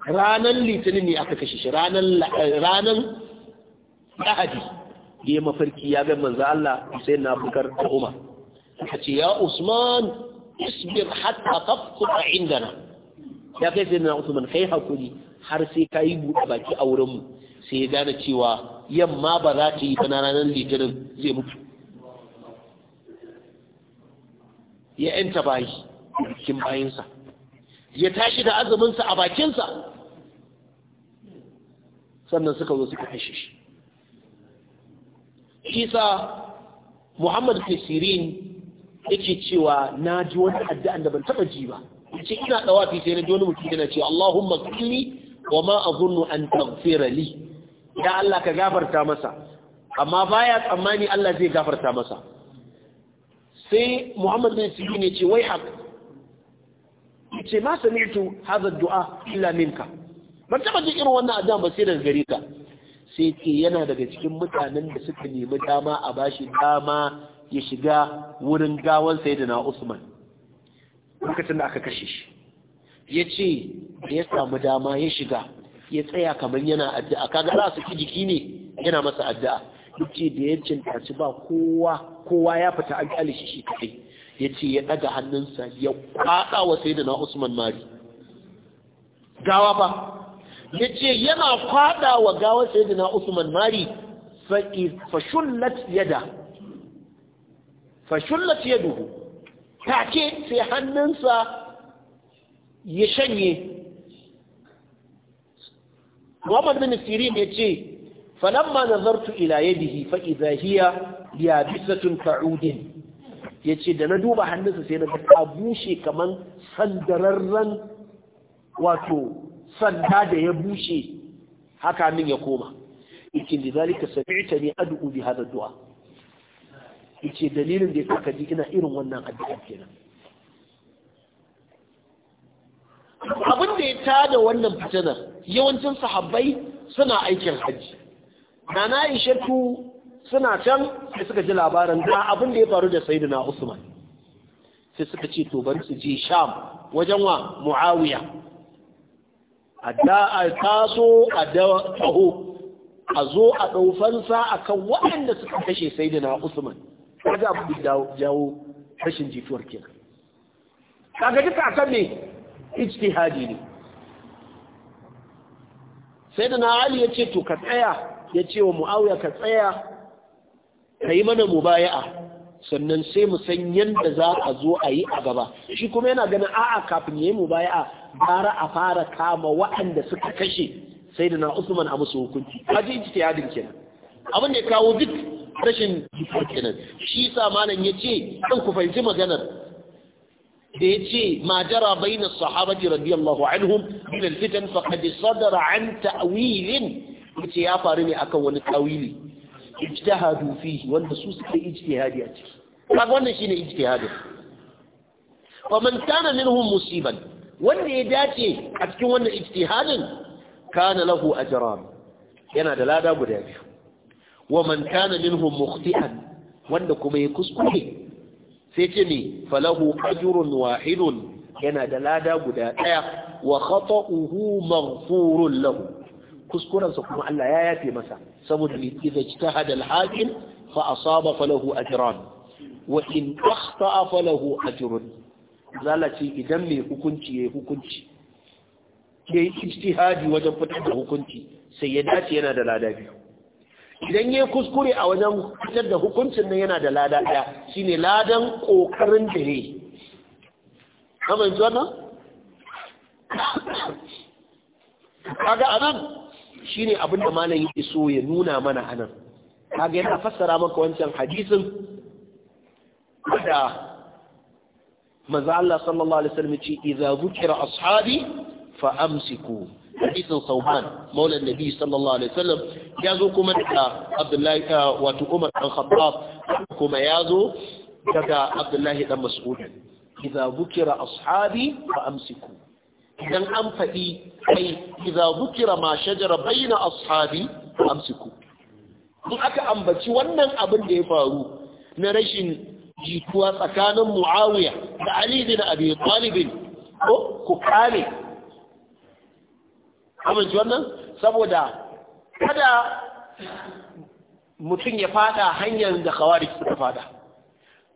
ranan litinin ne aka kashe shi ranan ranan lahadi ya mafarki ya ga manzo Allah sai na bukar da Umar ce ya Usman isbir hatta inda indana ya kai sai na Usman kai hakuri har sai ka yi buɗe baki a wurin mu. sai ya gane cewa yamma ba za ta yi ba ranar litinin zai mutu ya yanta bayi bikin bayansa ya tashi da azuminsa a bakinsa sannan suka zo suka kashe shi isa muhammad kasirin yake cewa na ji wani addu'an da ban taba ji ba yace ina dawafi sai na ji wani mutum yana cewa Allahumma qili wa ma azunnu an taghfira li ya Allah ka gafarta masa amma baya tsammani Allah zai gafarta masa sai Muhammad bin Sirin yace wai A yace ma sami'tu hadha dua illa minka ban taba ji irin wannan addu'a ba sai daga gare ka sai ke yana daga cikin mutanen da suka nemi dama a bashi dama ya shiga wurin gawan sayyidina Usman lokacin da aka kashe shi ya ce da ya samu dama ya shiga ya tsaya kamar yana addu'a kaga za su ki jiki ne yana masa addu'a duk ce da ya cintaci ba kowa kowa ya fita an kyale shi shi kai. ya ce ya daga hannunsa ya kwaɗa wa sayyidina Usman mari gawa ba ya ce yana kwada wa gawar sayyidina Usman mari fa shullat yada fashullat duhu take sai hannunsa ya shanye Muhammad bin Sirin ya ce falamma nazartu ila yadihi fa idha hiya yabisatun ka'udin yace da na duba hannunsa sai na ga ta bushe kaman sandararren wato sanda da ya bushe haka min ya koma ikin lidalika sami'ta ni ad'u bi hadha du'a yace dalilin da yasa ka ji ina irin wannan addu'a kenan abin da ya tada wannan fitinar yawancin sahabbai suna aikin hajji nana aishatu suna can sai suka ji labarin da abin da ya faru da sayyidina usman sai suka ce to bari su je sham wajen wa muawiya a taso a taho a zo a ɗaufansa a kan waɗanda suka kashe sayyidina usman wajen abu da jawo rashin jituwar kenan kaga duka akan ne ijtihadi ne sai da na ali ya ce to ka tsaya ya ce wa mu'awiya ka tsaya ka yi mana mubaya'a sannan sai mu san yadda za a zo a yi a gaba shi kuma yana ganin a'a kafin ya yi mubaya'a gara a fara kama waɗanda suka kashe sai da na usman a musu hukunci kaji ijtihadin kenan abin da ya kawo duk rashin jituwa kenan shi sa malam ya ce ɗan ku fahimci maganar da ya ce ma jara bayna sahabati radiyallahu anhum min alfitan faqad sadara an ta'wilin yace ya faru ne akan wani tawili ijtihadu fihi wanda su suka ijtihadi a ciki kaga wannan shine ijtihadi wa man kana minhum musiban wanda ya dace a cikin wannan ijtihadin kana lahu ajran yana da lada guda biyu wa man kana minhum wanda kuma ya kuskure sai ce ne falahu ajrun wahidun yana da lada guda ɗaya. wa khata'uhu maghfurun lahu kuskurensa kuma Allah ya yafe masa saboda idza ijtahada al-hakim fa asaba falahu ajran wa in akhta'a falahu ajrun zalaci idan mai hukunci yayi hukunci yayi ijtihadi wajen fitar da hukunci sai ya dace yana da lada biyu idan ya kuskure a wajen fitar da hukuncin nan yana da lada ɗaya shine ladan ƙoƙarin da ne kamar yanzu wannan kaga a Shi shine abin da malam yake so ya nuna mana a nan. kaga yana fassara maka wancan hadisin da maza Allah sallallahu alaihi wasallam ce iza zukira ashabi fa amsiku hadisin sauban maulan nabi sallallahu alaihi wasallam ya zo kuma daga abdullahi wato umar dan khattab kuma ya zo daga abdullahi dan mas'ud idza bukira ashabi fa amsiku idan an faɗi kai idza bukira ma shajara baina ashabi fa amsiku in aka ambaci wannan abin da ya faru na rashin jituwa tsakanin muawiya da ali bin abi talib ko ku kale amince wannan saboda kada mutum ya fada hanyar da kawari suka fada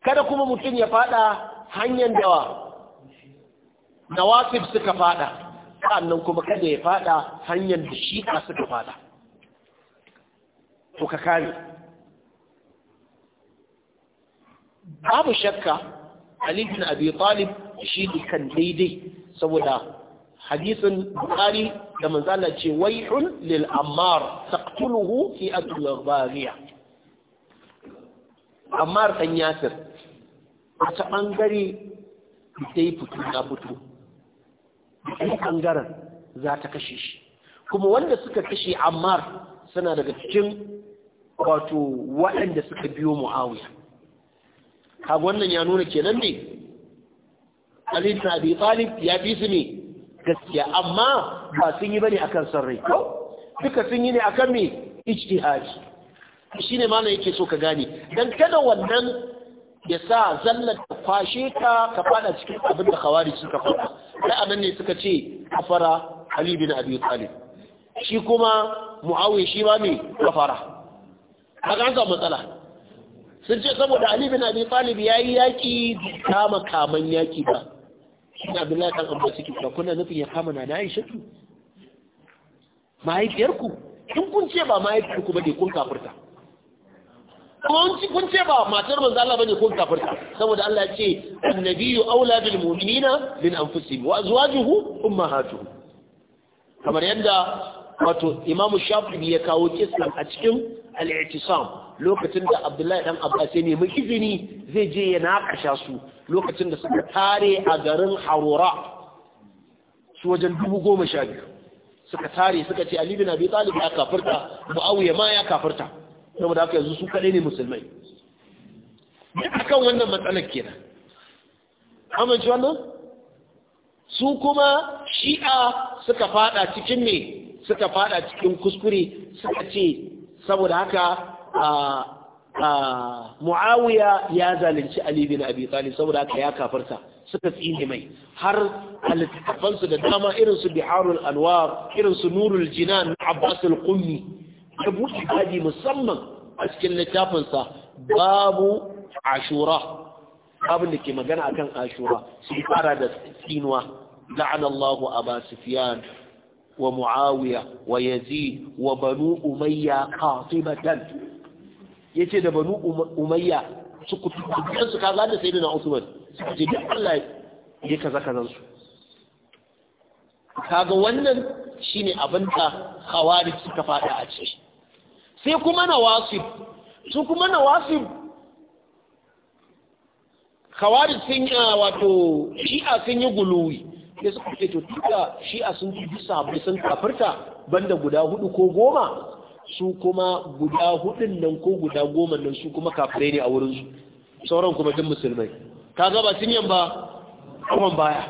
kada kuma mutum ya fada hanyar da nawafib suka fada sannan kuma kada ya fada hanyar da shi'a suka fada to ka kare babu shakka Ali bin Abi Talib shi kan daidai saboda hadisin buhari da manzala ce wai lil ammar taqtuluhu fi atul baghiya ammar dan yasir a ta bangare sai fito na fito sai bangaren za ta kashe shi kuma wanda suka kashe ammar suna daga cikin wato waɗanda suka biyo muawiya kaga wannan ya nuna kenan ne Ali ibn Abi Talib ya fi su ne gaskiya amma ba sun yi bane akan son rai ko duka sun yi ne akan me ijtihadi shine ma yake so ka gane dan kada wannan ya sa zallar ta kwashe ka ka fada cikin abin da kawari suka fada anan ne suka ce kafara ali bin abi talib shi kuma muawiya shi ma me kafara kaga an samu matsala sun ce saboda ali bin abi talib yayi yaki kama makaman yaki ba shi na abdullahi ɗan amma suke ba kuna nufin ya kama na na tu? mahaifiyarku in kun ce ba mahaifiyarku ba ne kun kafirta kun ce ba matar manzo Allah bane kun kafirta saboda Allah ya ce annabiyyu aula bil mu'minina min anfusihim wa azwajuhu ummahatuhum kamar yadda wato Imam Shafi'i ya kawo kisan a cikin al-I'tisam lokacin da abdullahi dan abbas ya nemi izini zai je ya naƙasha su lokacin da suka tare a garin Harora su wajen dubu goma sha biyu suka tare suka ce ali bin abi tsalibi ya kafirta muawiya ma ya kafirta da haka yanzu su kadai ne musulmai kan wannan matsalar kenan amince wannan su kuma shi'a suka fada cikin ne suka fada cikin kuskure suka ce saboda haka muawiya ya zalunci ali bin abi talib saboda haka ya kafarta suka tsine mai har alittafansu da dama irin su biharul anwar irin su nurul jinan abbas al-qummi ya buɗe gadi musamman a cikin sa babu ashura abin da ke magana akan ashura sun fara da tsinuwa la'anallahu aba sufyan wa muawiya wa yazi wa banu umayya qatibatan Ya ce da banu umayya su kutu dan su kaza da sayyidina usman su ce duk Allah ya kaza kazan su kaga wannan shine abin da khawarij suka fada a ciki sai kuma nawasib su kuma nawasib khawarij sun ah, wato shi'a sun yi guluwi sai suka ce to tunda shi'a sun yi sahabbai sun kafirta banda guda hudu ko goma su kuma guda hudun nan ko guda goma nan su kuma kafirai ne a wurin su. sauran kuma duk musulmai ka gaba cinyan ba kuma baya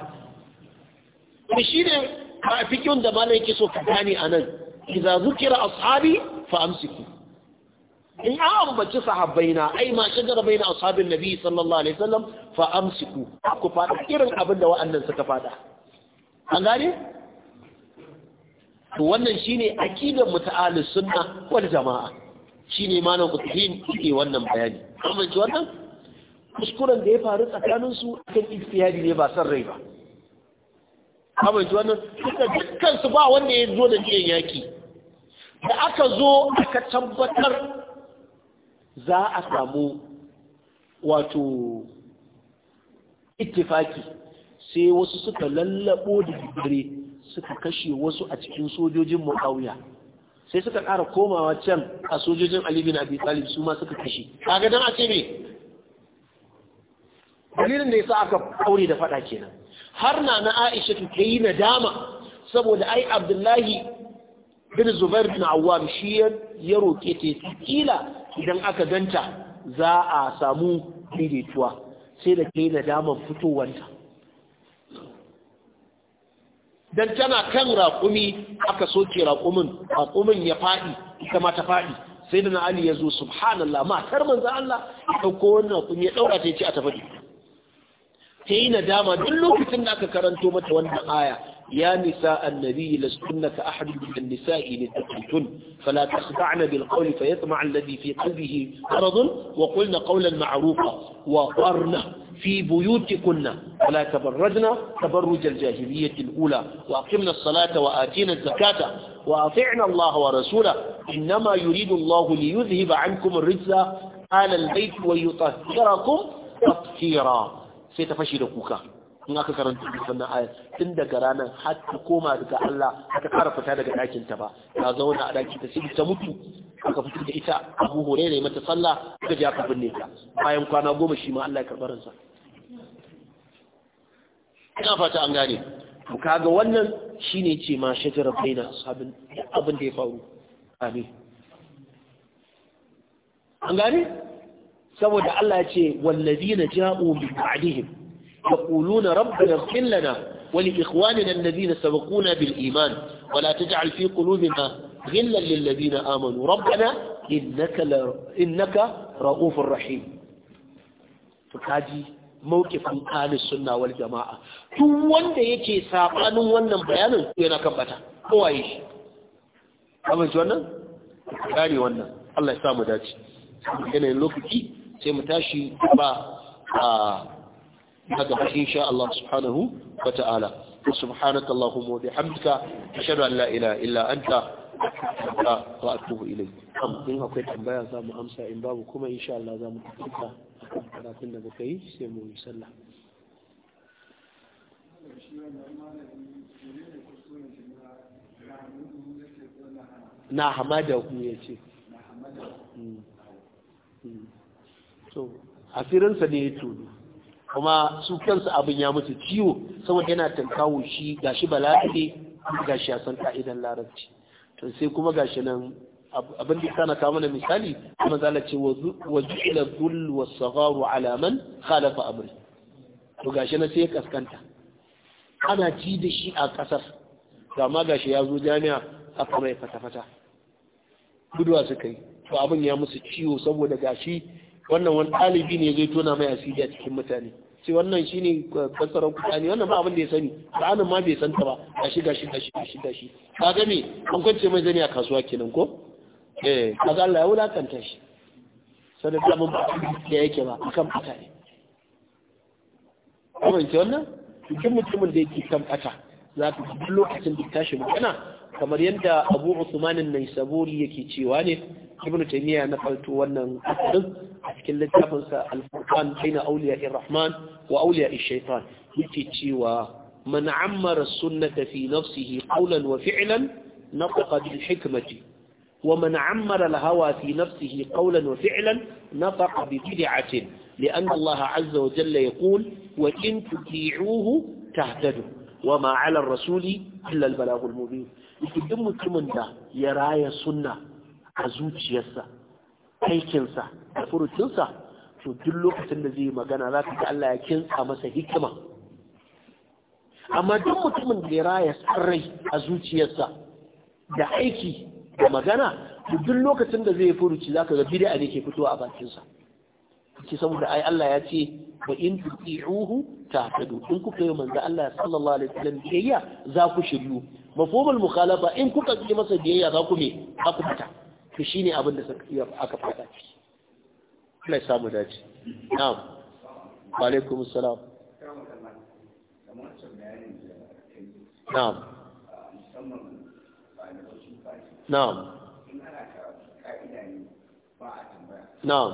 ku shi ne a da malam ke so ka gane a nan iza zukira ashabi fa amsiku in an ambaci na ai ma bai baina ashabin nabi sallallahu alaihi wasallam fa amsiku ku fada irin abin da wa'annan suka fada an gane to wannan shine aqidar muta'ali sunna wal jamaa shine malam Uthaymeen yake wannan bayani amma ji wannan kuskuren da ya faru tsakanin su akan ijtihadi ne ba san rai ba amma ji wannan dukkan su ba wanda ya zo da jiyan yaki da aka zo aka tabbatar za a samu wato ittifaki sai wasu suka lallabo da jibril suka kashe wasu a cikin sojojin muawiya sai suka ƙara komawa can a sojojin Ali bin Abi Talib su ma suka kashe kaga dan a ce me dalilin da yasa aka aure da fada kenan har na na Aisha ta yi nadama saboda ai Abdullahi bin Zubair bin Awwam shi ya roke ta kila idan aka ganta za a samu daidaituwa sai da kai nadaman fitowanta Idan tana kan raƙumi aka soke raƙumin raƙumin ya faɗi ita ma ta faɗi sai da na ali ya zo subhanallah matar manzan Allah ya ɗauko wannan raƙumi ya ɗaura ta ya ce a tafi ta yi nadama duk lokacin da aka karanto mata wannan aya ya nisa annabi lastunna ka ahadu min nisa'i ne tattun fala tasda'na bil qawli fa yatma alladhi fi qalbihi maradun wa qulna qawlan ma'rufa wa qarna في بيوتكن ولا تبرجن تبرج الجاهلية الأولى وأقمنا الصلاة وآتينا الزكاة وأطعنا الله ورسوله إنما يريد الله ليذهب عنكم الرجس آل البيت ويطهركم تطهيرا da kuka. in aka karanta wannan ayat tun daga ranar har ta koma daga Allah ta ƙara fita daga ɗakin ba ta zauna a ɗakin ta sai ta mutu aka fitar da ita Abu Hurairah mata sallah ta ji aka bayan kwana goma shi ma Allah ya ina fata an gane to kaga wannan shine ce ma shajara baina ashabin abin da ya faru amin an gane saboda Allah ya ce wallazina ja'u bi ba'dihim yaquluna rabbana ighfir lana wa li ikhwanina alladhina sabaquna bil iman wa la taj'al fi qulubina غلا للذين آمنوا ربنا إنك, ل... إنك رؤوف رحيم mawqifin ahli suna wal jamaa Tun wanda yake sabanin wannan bayanin yana kambata bata kowaye shi abin shi wannan gane wannan Allah ya samu dace yanayin lokaci sai mu tashi ba a daga insha Allah subhanahu wa ta'ala subhanaka allahumma wa bihamdika ashhadu an la ilaha illa anta astaghfiruka wa atubu ilayk amma in akwai tambaya za mu amsa in babu kuma insha Allah za mu tafi akan karatun da muka sai mu yi sallah ce hmm. Hmm. asirinsa ne ya tudu kuma su kansu abin ya mutu ciwo saboda yana tankawo shi gashi bala'ade gashi a san ka'idan larabci to sai kuma gashi nan abin da kana kawo mana misali kuma zala ce wa ju'ila dhul was sagaru ala man khalafa amri to gashi na sai ya kaskanta ana ji da shi a kasar to ma gashi ya zo jami'a aka mai fata-fata guduwa suka yi to abin ya musu ciwo saboda gashi wannan wani ɗalibi ne zai tona mai asiri a cikin mutane sai wannan shine kasarar eh, kudani wannan ba abin da ya sani ranar ma bai santa ba gashi gashi gashi gashi gashi ka an kwance mai zani a kasuwa kenan ko eh kaga Allah ya wulakanta shi saboda abin da yake ba akan bata kuma ce wannan cikin mutumin da yake kan bata za ka duk lokacin da tashi magana kamar yadda Abu Usman an-Naisaburi yake cewa ne Ibn Taymiyyah na falto wannan din a cikin littafin sa Al-Furqan baina awliya'ir Rahman wa awliya'ish shaytan yake cewa man ammara sunnata fi nafsihi qawlan wa fi'lan nafaqa bil ومن عمر الهوى في نفسه قولا وفعلا نطق ببدعة لأن الله عز وجل يقول وإن تطيعوه تهتدوا وما على الرسول إلا البلاغ المبين idan mutumin da ya raya sunna a zuciyarsa aikinsa da furucinsa to duk lokacin da zai magana za ka ga Allah ya kinsa masa hikima amma duk mutumin da ya raya sarrai a zuciyarsa da aiki da magana duk lokacin da zai furuci zaka ga bid'a ne ke fitowa a bakin sa ce saboda ai Allah ya ce ba in tuti'uhu tahtadu in kuka yi manzo Allah sallallahu alaihi wasallam biyayya za ku shiryu mafhumul mukhalafa in kuka yi masa biyayya za ku me za ku fita to shine abin da aka fada Allah ya samu dace na'am wa alaikum assalam na'am na'am na'am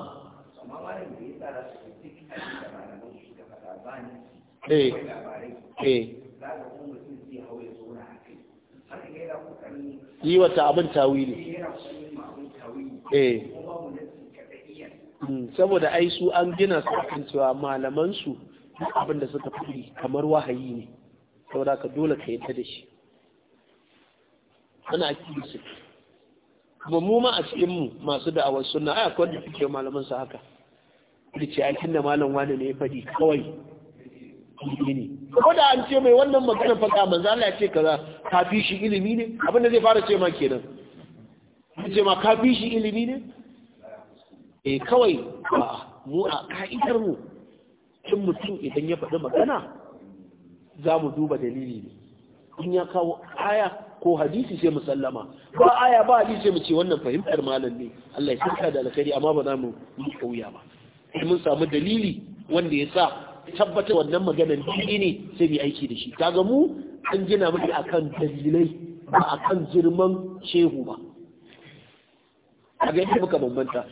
eh eh yi wata abin tawili eh hmm, saboda ai su an gina su kan cewa malaman su abin da suka fi kamar wahayi ne saboda ka dole ka yi ta da shi ana akili su kuma mu ma a cikin mu masu da'awar sunna ai akwai da suke malamin sa haka ce aikin da malam wani ne ya faɗi kawai ne ko da an ce mai wannan maganar faɗa manzo Allah ya ce kaza ka fi shi ilimi ne abinda zai fara ce ma kenan ya ce ma ka fi shi ilimi ne eh kawai a mu a ka'idar mu kin mutum idan ya faɗi magana za mu duba dalili ne in ya kawo aya ko hadisi sai mu sallama ba aya ba hadisi sai mu ce wannan fahimtar malam ne Allah ya saka da alkhairi amma ba za mu yi kauya ba sai mun samu dalili wanda ya sa tabbata wannan maganar dini ne sai mu aiki da shi kaga mu an gina miki akan dalilai ba akan girman shehu ba a ga yadda muka bambanta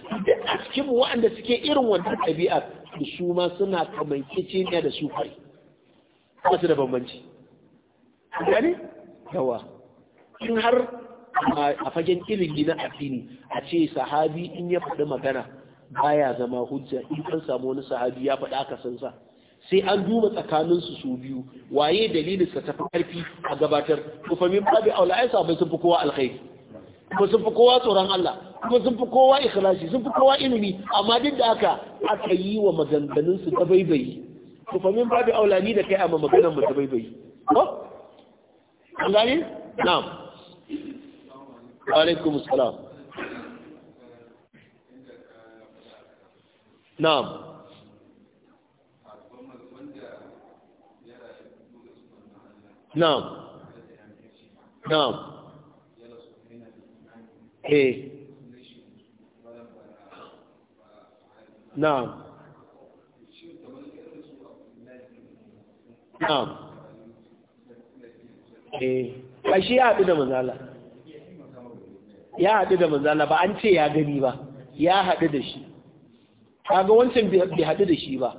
a cikin waɗanda suke irin wannan ɗabi'a da su ma suna kamankece ne da su kai ba su da bambanci Gani? yawa in har a fagen ilimi na addini a ce sahabi in ya faɗi magana baya zama hujja in an samu wani sahabi ya faɗi aka san sa sai an duba tsakaninsu su biyu waye dalilinsa ta fi ƙarfi a gabatar Tufamin babu aula ai sabai sun fi kowa alkhairi kuma sun fi kowa tsoron Allah kuma sun fi kowa ikhlasi sun fi kowa ilimi amma duk da haka aka yi wa maganganunsu ta baibayi Tufamin babu aula ni da kai amma maganar mu ta baibayi ko an gane na'am وعليكم السلام نعم نعم نعم ايه نعم نعم ايه اشياء بدون ya ya haɗu da manzala ba an ce ya gani ba ya haɗu da shi kaga wancan bai haɗu da shi ba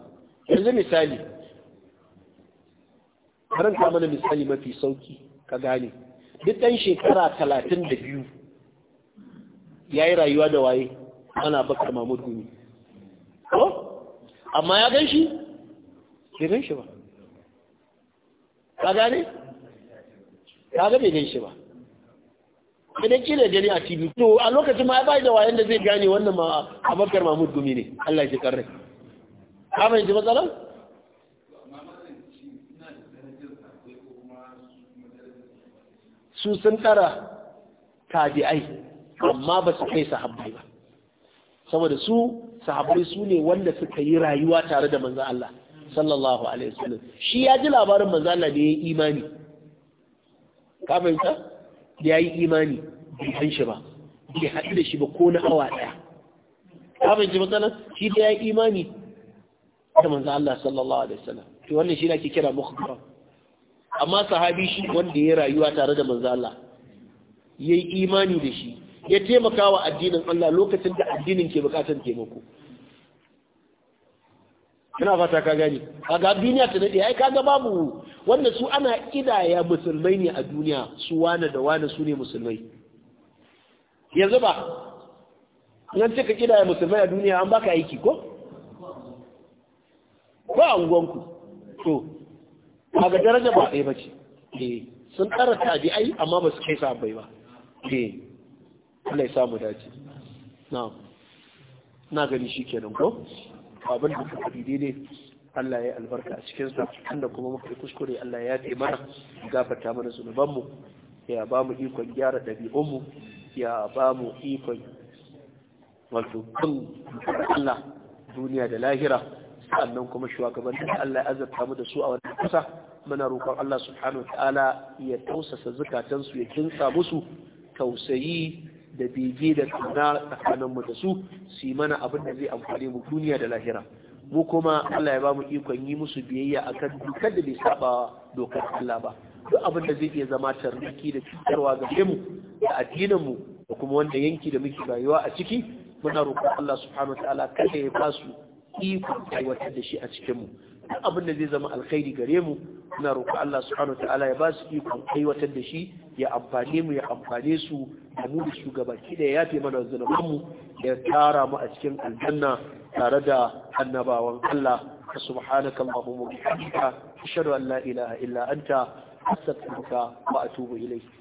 yanzu misali karanta mana misali mafi sauki ka gane duk ɗan shekara talatin da biyu ya yi rayuwa da waye ana bakar mahmud gumi ko amma ya gan shi bai gan shi ba ka gane? ka ga bai gan shi ba sai kila gani a tv to a lokacin ma ya bai da wayan da zai gane wannan ma abakar mahmud gumi ne allah shi karrai ka fahimci matsalar su sun tsara tabi'ai amma ba su kai sahabbai ba saboda su sahabbai su ne wanda suka yi rayuwa tare da manzan Allah sallallahu alaihi wasallam shi ya ji labarin manzan Allah da ya yi imani ka fahimta ya yi imani bai san shi ba bai haɗu da shi ba ko na awa ɗaya abin ji matsala shi da ya yi imani da manzan Allah sallallahu alaihi wasallam to wannan shi ake kira mukhbara amma sahabi shi wanda ya rayuwa tare da manzan Allah yayi imani da shi ya taimaka wa addinin Allah lokacin da addinin ke bukatar taimako ina fata ka gani ga duniya ta dade ai kaga babu wanda su ana kidaya musulmai ne a duniya su wane da wane su ne musulmai yanzu ba nan ka kidaya musulmai a duniya an baka aiki ko Ko a anguwanku to ga daraja ba ɗaya bace eh sun tabi ai amma ba su kai sabai ba ke eh, Allah ya samu dace na gani shi kenan ko abin da suka fi daidai Allah ya yi albarka a cikinsa inda kuma muka kuskure Allah ya ce mana gafarta mana zunubanmu ya ba mu ikon gyara ɗabi'unmu ya ba mu ikon wato kan Allah duniya da lahira sannan kuma da Allah ya azabta mu da su a wannan kusa muna roƙon Allah subhanahu wa ta'ala ya tausasa zukatansu ya kinsa musu tausayi da bege da kauna tsakanin mu da su su mana abin da zai amfane mu duniya da lahira mu kuma Allah ya ba mu ikon yi musu biyayya akan dukkan da bai saba dokar Allah ba duk abin da zai iya zama tarniki da cutarwa ga mu da addinin mu da kuma wanda yanki da muke rayuwa a ciki muna roƙon Allah subhanahu wataala kada ya ba su ikon aiwatar da shi a cikin mu duk abin da zai zama alkhairi gare mu muna roƙo Allah subhanahu ta'ala ya ba su ikon aiwatar da shi ya amfane mu ya amfane su da mu da shugabaki da ya yafe mana zanuban mu ya tara mu a cikin aljanna tare da annabawan Allah subhanaka allahumma wa bihamdika ashhadu an la ilaha illa anta astaghfiruka wa atubu ilayk